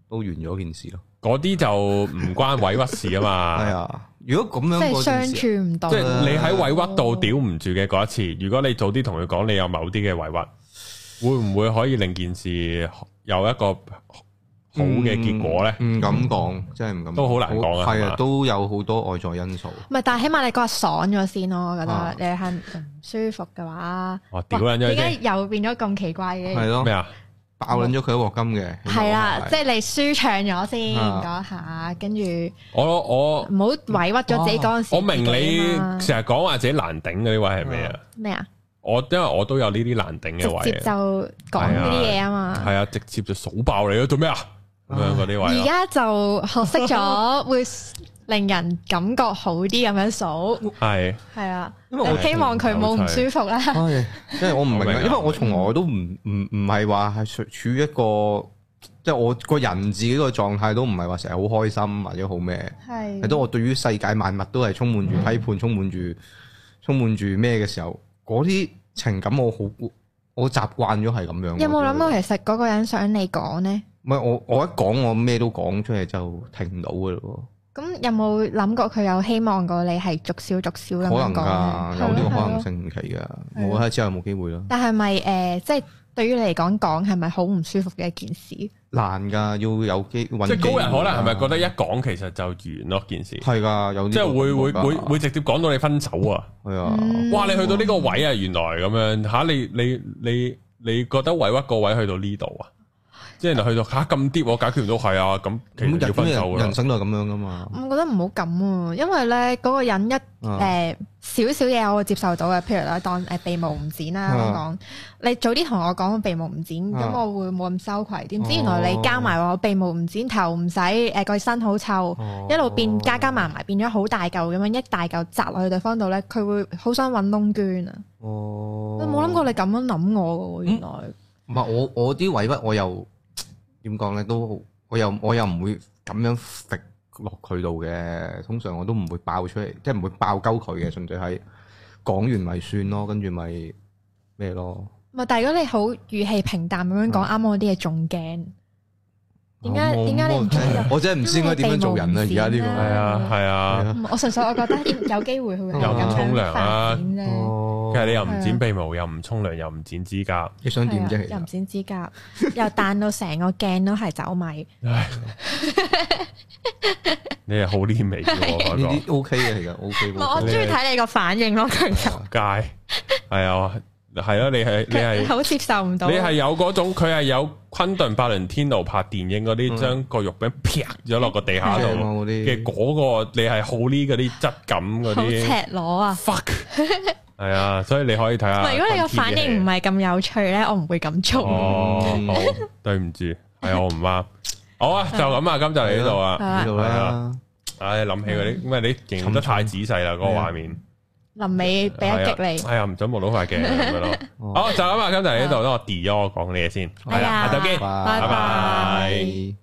C: 都完咗件事咯。嗰啲就唔關委屈事啊嘛，係啊。如果咁
B: 樣，即係相處唔到。即係你喺
A: 委屈到屌唔住嘅嗰一次，哦、如果你早啲同佢講你有某啲嘅委屈，會唔會可以令件
C: 事有一個
A: 好嘅結果咧？嗯嗯嗯、咁講
C: 真係唔敢都好難講啊，係啊我，吧都有好多外在因素。
B: 唔係，但係起碼你嗰日爽咗先咯。我覺得、啊、你係唔舒服嘅話，
C: 點解哇
B: 又變咗咁奇怪嘅？係咯咩啊？爆捻咗
C: 佢一鑊金
A: 嘅，係啦、啊，是是
B: 即係你舒暢咗先講、啊、下，跟住我我唔好委屈咗自己嗰陣時，我
A: 明你成日講話自己難頂嘅呢位係咩啊？咩啊？我因為我都有呢啲難頂嘅位，直接就
B: 講呢啲嘢啊嘛，
A: 係啊，啊，直接就數爆你咯，做咩啊？咁樣嗰啲位，而家
B: 就學識咗會。 令人感覺好啲咁樣數係係啊，希望佢冇唔舒服啦。即係我唔明，
C: 因為我從來都唔唔唔係話係處於一個即係我個人自己個狀態都唔係話成日好開心或者好咩，係都我對於世界萬物都係充滿住批判，充滿住充滿住咩嘅時候，嗰啲情感我好我習慣咗係咁樣。有冇諗
B: 過其實嗰個人想你講呢？
C: 唔係我我一講我咩都講出嚟就停唔到嘅咯。
B: 咁有冇諗過佢有希望過你係逐少逐少咁可能噶吧有呢個可能性
C: 唔奇噶，冇啊的之後冇機會啦。
B: 但係咪誒，即、呃、係、就是、對於你嚟講講係咪好唔舒服嘅一件事？
C: 難噶，要有機搵即係高人，可能係咪覺得一講其實
A: 就完咯件事？係噶、嗯，有即係會會會會直接講到你分手啊？係啊的！嗯、哇，你去到呢個位啊，原來咁樣吓你你你你,你覺得委屈個位去到呢度啊？即係就去到嚇咁啲我解決唔到，係啊咁，咁人
C: 生都係咁樣
D: 噶
B: 嘛。我覺得唔好咁啊！因為咧嗰個人一誒少少嘢我會接受到嘅，譬如咧當鼻毛唔剪啦咁講，你早啲同我講鼻毛唔剪，咁、啊、我會冇咁羞愧。點知、啊、原來你加埋我鼻毛唔剪頭唔洗誒個身好臭，啊、一路變加加埋埋變咗好大嚿咁樣一大嚿窒落去對方度咧，佢會好想搵窿捐啊！
C: 哦，冇諗過
B: 你咁樣諗我噶喎，嗯、原來。
C: 唔係我我啲委屈我又。點講咧都好，我又我又唔會咁樣搣落佢度嘅，通常我都唔會爆出嚟，即係唔會爆鳩佢嘅，純粹係講完咪算咯，跟住咪咩咯。
B: 咪但如果你好語氣平淡咁樣講啱我啲嘢，仲驚。點解點解你唔？我
C: 真係唔知應該點樣做人啦！而家呢個係啊係啊，
B: 我純粹我覺得有有機會去。又唔沖涼啊！
A: 佢係你又唔剪鼻毛，又唔沖涼，又唔剪指甲，你想點啫？又
B: 唔剪指甲，又彈到成個鏡都係走米。
A: 你係好黏味，呢啲 OK 嘅，其實 OK。我中意睇
B: 你個反應咯，最近。
A: 街係啊！係啊，你係你係好
B: 接受唔到，你係
A: 有嗰種，佢係有昆頓·塔倫天奴拍電影嗰啲，將個肉餅劈咗落個地下度嘅嗰個，你係好呢嗰啲質感嗰啲，好赤
B: 裸啊！fuck，
A: 係啊，所以你可以睇下。如果你個反應
B: 唔係咁有趣咧，我唔會咁做。哦，
A: 對唔住，係我唔啱。好啊，就咁啊，今集嚟呢度啊，呢度係啊。唉，諗起嗰啲，咩你形容得太仔細啦，嗰個畫面。
B: 臨尾俾一擊你，係
A: 啊、哎，唔准冇到塊鏡咁樣咯。好、 哦哦，就咁啊，今日呢度，咁我 drop 咗我講嘅嘢先。係
B: 下
D: 集
A: 見，拜拜。拜拜拜拜。